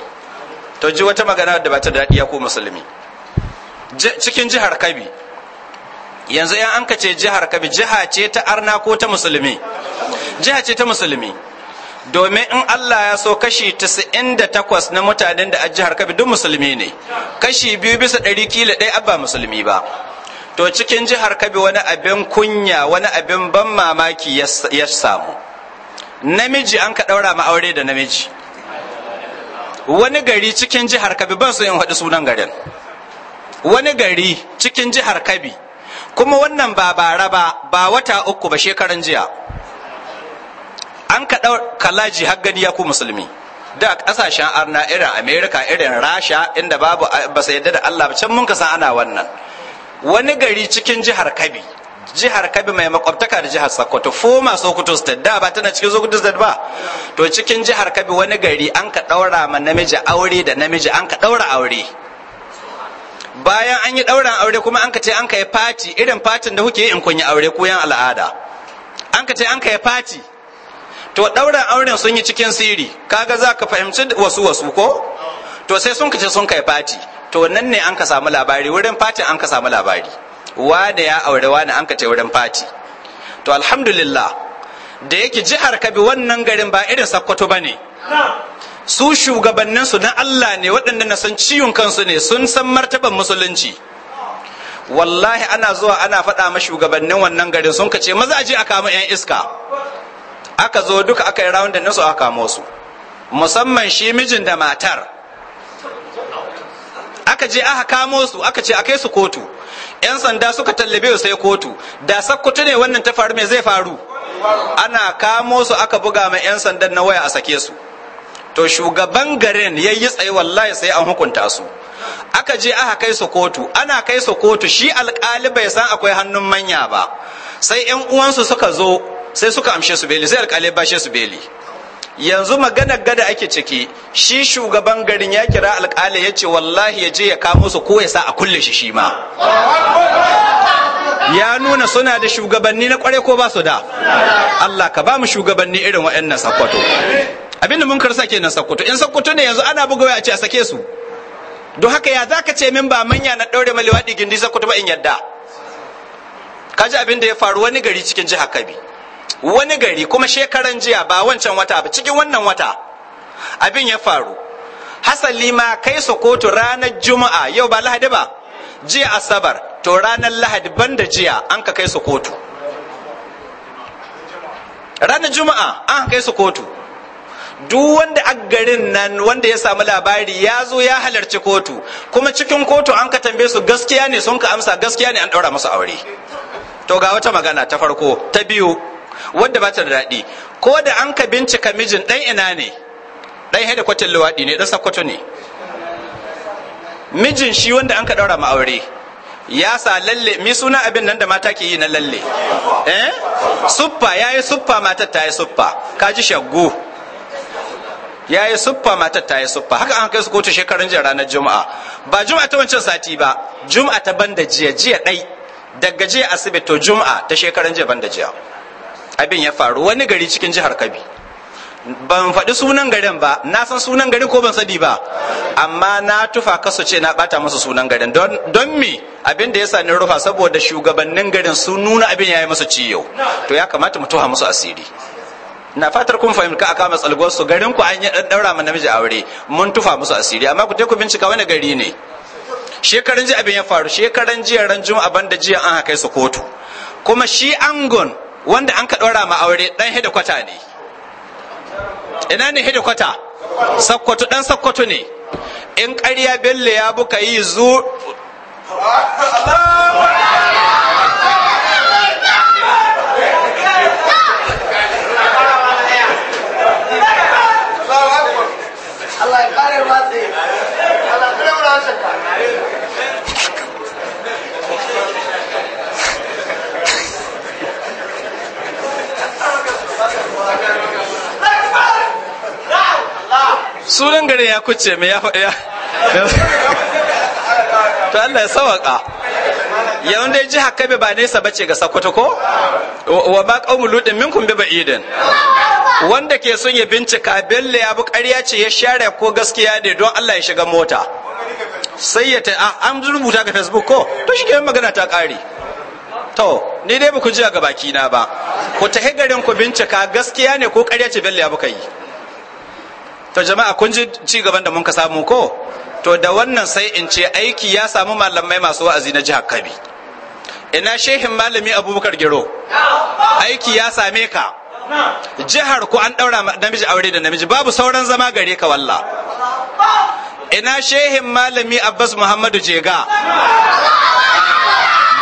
to ji wata magana da ba ta daɗi ya ku musulmi cikin jihar kabi yanzu ya an kace jihar kabi jiha ce ta arna ko ta musulmi jiha ce ta musulmi domin in Allah ya so kashi 98 na mutanen da a jihar Kabi duk musulmi ne kashi biyu bisa ɗari kila ɗaya abba musulmi ba to cikin jihar Kabi wani abin kunya wani abin ban mamaki ya samu namiji an ka ɗaura ma aure da namiji wani gari cikin jihar Kabi ban so in haɗu sunan garin wani gari cikin jihar Kabi kuma wannan ba bara ba ba wata uku ba shekaran jiya an ka kalaji har gani ya ku musulmi da ƙasashen arna irin Amerika, irin rasha inda babu ba sa yadda da allah can mun ka san ana wannan wani gari cikin jihar kabi jihar kabi mai makwabtaka da jihar sokoto foma sokoto state da ba tana cikin sokoto state ba to cikin jihar kabi wani gari an ka ɗaura ma namiji aure da namiji an ka ɗaura aure bayan an yi ɗauran aure kuma an ka ce an ka yi fati irin fatin da kuke yi in kun yi aure ko yan al'ada an ka ce an ka yi fati to ɗaurin auren sun yi cikin siri kaga za ka fahimci wasu wasu ko to sai sun kace sun kai fati to nan ne an ka samu labari wurin fati an ka samu labari wa da ya aure wa ne an ka ce wurin fati to alhamdulillah da yake jihar kabi wannan garin ba irin sakkwato ba ne su shugabanninsu na Allah ne waɗanda na san ciwon kansu ne sun san martaban musulunci wallahi ana zuwa ana faɗa ma shugabannin wannan garin sun kace maza aje a kama 'yan iska aka zo duka aka yi rawun da nasu aka kamo su musamman shi mijin da matar aka je aka kamo su aka ce a kai su kotu yan sanda suka tallabe sai kotu da sakkutu ne wannan ta faru me zai faru ana kamo su aka buga ma yan sandan na waya a sake su to shugaban garin ya yi tsaye wallahi sai an hukunta su aka je aka kai su kotu ana kai su kotu shi alkali bai san akwai hannun manya ba sai yan uwansu suka zo sai suka amshe su beli sai alƙalai bashe su beli yanzu magana gada ake ciki shi shugaban garin ya kira alƙalai ya ce wallahi ya je ya kamo su ko ya sa a kulle shi shi ma ya nuna suna da shugabanni na kware ko ba su da Allah ka ba mu shugabanni irin waɗannan sakkwato abinda mun karsa kenan sakkwato in sakkwato ne yanzu ana bugawa a ce a sake su don haka ya zaka ce min ba manya na ɗaure maliwaɗi gindi sakkwato ba in yadda ka ji abin da ya faru wani gari cikin jiha Kabi wani gari kuma shekaran jiya ba wancan wata ba cikin wannan wata abin ya faru hasali ma kai su kotu ranar juma'a yau ba lahadi ba jiya asabar to ranar lahadi ban da jiya an ka kai su kotu. ranar juma'a an kai su kotu. duk wanda a garin nan wanda ya samu labari ya zo ya halarci kotu kuma cikin kotu an ka tambaye su gaskiya ne sun ka amsa gaskiya ne an ɗaura musu aure to ga wata magana ta farko ta biyu wanda ba ta da daɗi ko da an ka bincika mijin ɗan ina ne ɗan haida kwatin luwaɗi ne ɗan sakwato ne mijin shi wanda an ka ɗaura ma aure ya sa lalle mi suna abin nan da mata ke yi na lalle eh suffa ya yi suffa matar ta yi suffa ka ji shaggu ya yi suffa matar ta yi suffa haka an kai su kotu shekarun jiya ranar juma'a ba juma'a ta wancan sati ba juma'a ta banda jiya jiya ɗai daga jiya asibiti to juma'a ta shekarun jiya banda jiya abin ya faru wani gari cikin jihar kabi ban faɗi sunan garin ba na san sunan garin ko ban sani ba amma na tufa kasu ce na ɓata masa sunan garin don me abin da ya sa ni rufa saboda shugabannin garin sun nuna abin ya yi masu ciyo to ya kamata mu tuha musu asiri na fatar kun fahimta aka kama su garin ku an yi daura ma namiji aure mun tufa musu asiri amma ku ku bincika wani gari ne shekaran ji abin ya faru shekaran jiya ran juma'a banda jiya an haka su kotu kuma shi angon wanda an ka ɗora ma aure ɗan kwata ne ina ne kwata sakkwato ɗan sakkwato ne in ƙarya bello ya buka yi zu sunan garin ya kuce mai ya faɗi to Allah ya sawaka wanda ji haka kabe ba nesa bace ga sakkwato ko wa ba kaumul ludin minkum bi ba'idin wanda ke son ya bincika belle ya bu ƙarya ce ya share ko gaskiya ne don Allah ya shiga mota sai ya ta an rubuta ga facebook ko to shi ke magana ta ƙare to ni dai ba ku ji ga baki na ba ku tahi garin ku bincika gaskiya ne ko ƙarya ce belle ya bu kai to jama'a kun ji ci gaban da mun ka samu ko to da wannan sai in ce aiki ya samu malamai masu wa'azi na jihar kabi ina shehin malami abubakar gero aiki ya same ka jihar ku an ɗaura namiji aure da namiji babu sauran zama gare ka walla ina shehin malami abbas muhammadu jega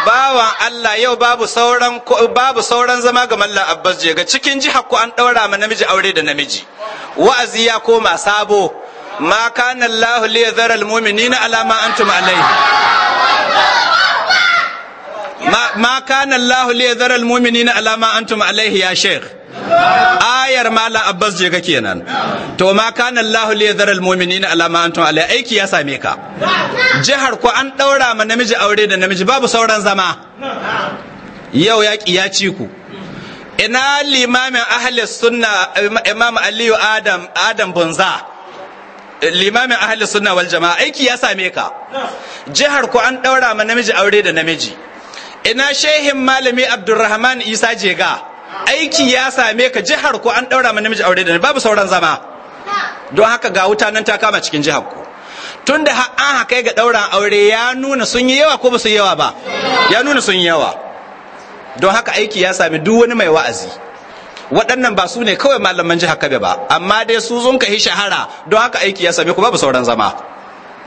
bawan Allah yau babu sauran babu sauran zama ga Mallam Abbas je ga cikin jiha ku an daura ma namiji aure da namiji wa'azi ya koma sabo ma kana Allah li yadhara almu'minina ala ma antum alayhi ma kana Allah li yadhara almu'minina ala ma antum alayhi ya sheikh ayar mala abbas je ka kenan to ma kana allah li yadhar al mu'minina ala ma antum ala aiki ya same ka jihar ku an daura ma namiji aure da namiji babu sauran zama yau ya ya ci ku ina limamin ahli sunna imam aliyu adam adam bunza limamin ahli sunna wal jama'a aiki ya same ka jihar ku an daura ma namiji aure da namiji ina shehin malami abdurrahman isa jega aiki ya same ka jihar ko an ɗaura ma namiji aure da ni babu sauran zama don haka ga wuta nan ta kama cikin jihar ku tun da an haka ga daura aure ya nuna sun yi yawa ko ba su yawa ba ya nuna sun yi yawa don haka aiki ya sami duk wani mai wa'azi waɗannan ba su ne kawai malaman jihar kabe ba amma dai su zunka hi shahara don haka aiki ya same ku babu sauran zama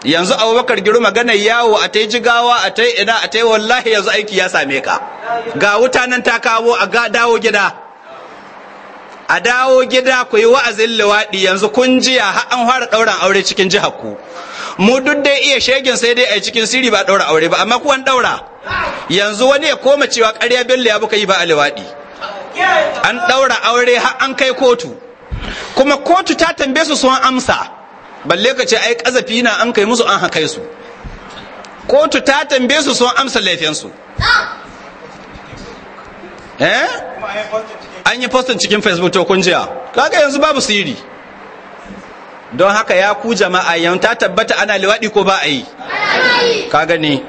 yanzu abubakar giru magana yawo a ta jigawa a ta ina a ta wallahi yanzu aiki ya same ka ga wuta nan ta kawo a ga dawo gida a dawo gida ku yi wa'azin liwaɗi yanzu kun jiya har an fara ɗauran aure cikin jihar ku mu duk dai iya shegin sai dai a cikin siri ba ɗaura aure ba amma ku an ɗaura yanzu wani ya koma cewa ƙarya bello ya buka yi ba a liwaɗi an ɗaura aure har an kai kotu kuma kotu ta tambaye su sun amsa balle ka ce ai kazafi na an kai musu an haka su kotu ta tambaye su sun amsa laifinsu eh an yi postin cikin facebook to kun jiya kaga yanzu babu siri don haka ya ku jama'a yan ta tabbata ana liwadi ko ba a yi ka gani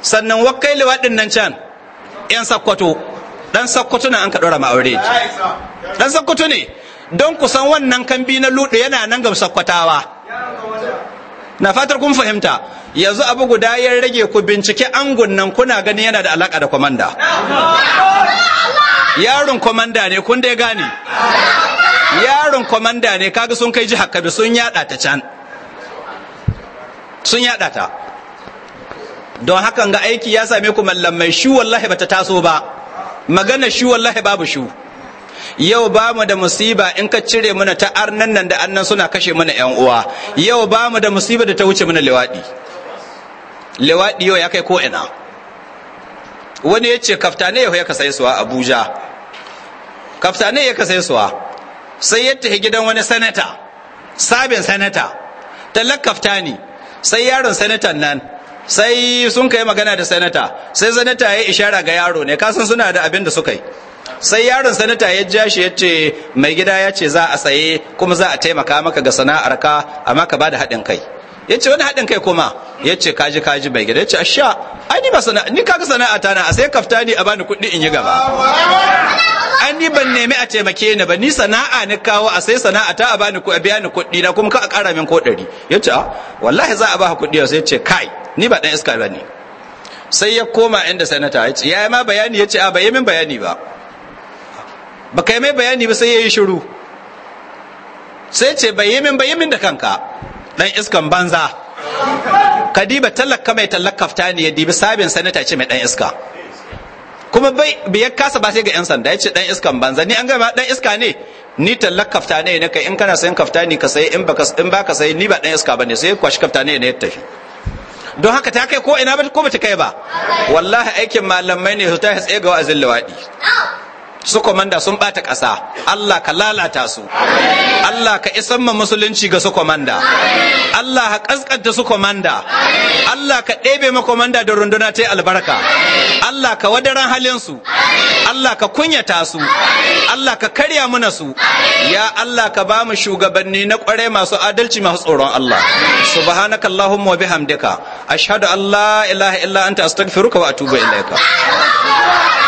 sannan wakai liwadin nan can yan sakkwato dan sakkwato na an ka ɗora ma'aure dan sakkwato ne don kusan wannan kambi na lude yana nan ga sakkwatawa na fatar kun fahimta yanzu abu guda ya rage ku bincike angon nan kuna ganin yana da alaka da kwamanda yaron kwamanda ne kun dai gane yaron kwamanda ne kaga sun kai jihar kabi sun yada ta can sun yada ta don hakan ga aiki ya same ku mallamai shi wallahi bata taso ba magana shi wallahi babu shu yau ba mu da musiba in ka cire mana ta arnan nan da annan suna kashe mana yan uwa yau ba mu da musiba da ta wuce mana lewadi lewadi yau ya kai ko ina wani ya ce kaftane yau ya kasai suwa abuja kaftane ya kasai suwa sai ya tafi gidan wani sanata sabin sanata talak kaftani sai yaron sanatan nan sai sun kai magana da sanata sai sanata ya ishara ga yaro ne kasan suna da abin da suka yi sai yaron sanata ya ja shi ya ce mai gida ya ce za a tsaye kuma za a taimaka maka ga sana'arka amma ka bada haɗin kai ya ce wani haɗin kai kuma ya ce kaji kaji mai gida ya ce asha ai ni ba sana'a ni kaga sana'a ta na a sai kafta ni a bani kuɗi in yi gaba an ni ban nemi a taimake ni ba ni sana'a ni kawo a sai sana'a ta a bani ku a biya ni kuɗi na kuma ka a ƙara min ko ɗari ya ce ah, wallahi za a ba ka kuɗi sai ya ce kai ni ba ɗan iska ba ne sai ya koma inda sanata ya ce ya ma bayani ya ce a ah, bai min bayani ba ba yi mai bayani ba sai ya yi shiru sai ce bai yi min bai yi min da kanka dan iskan banza diba tallaka mai tallakafta ne ya dibi sabin sanata ce mai dan iska kuma bai ya kasa ba sai ga yan sanda ya ce dan iskan banza ni an gama dan iska ne ni tallakafta ne ne kai in kana sayan kafta ne ka sayi in baka in baka sayi ni ba dan iska bane sai kwashi kafta ne ne ya tafi don haka ta kai ko ina ba ko bata kai ba wallahi aikin malamai ne su ta tsaye ga wa'azin lawadi su komanda sun bata ƙasa Allah ka lalata su Allah ka isan ma musulunci ga su komanda Allah ka kaskanta su komanda Allah ka ɗebe ma da runduna ta albarka Allah ka wadaran halin su Allah ka kunyata su Allah ka karya muna su ya Allah ka ba mu shugabanni na kware masu adalci masu tsoron Allah subhanaka allahumma wa bihamdika ashhadu an la ilaha illa anta astaghfiruka wa atubu ilaika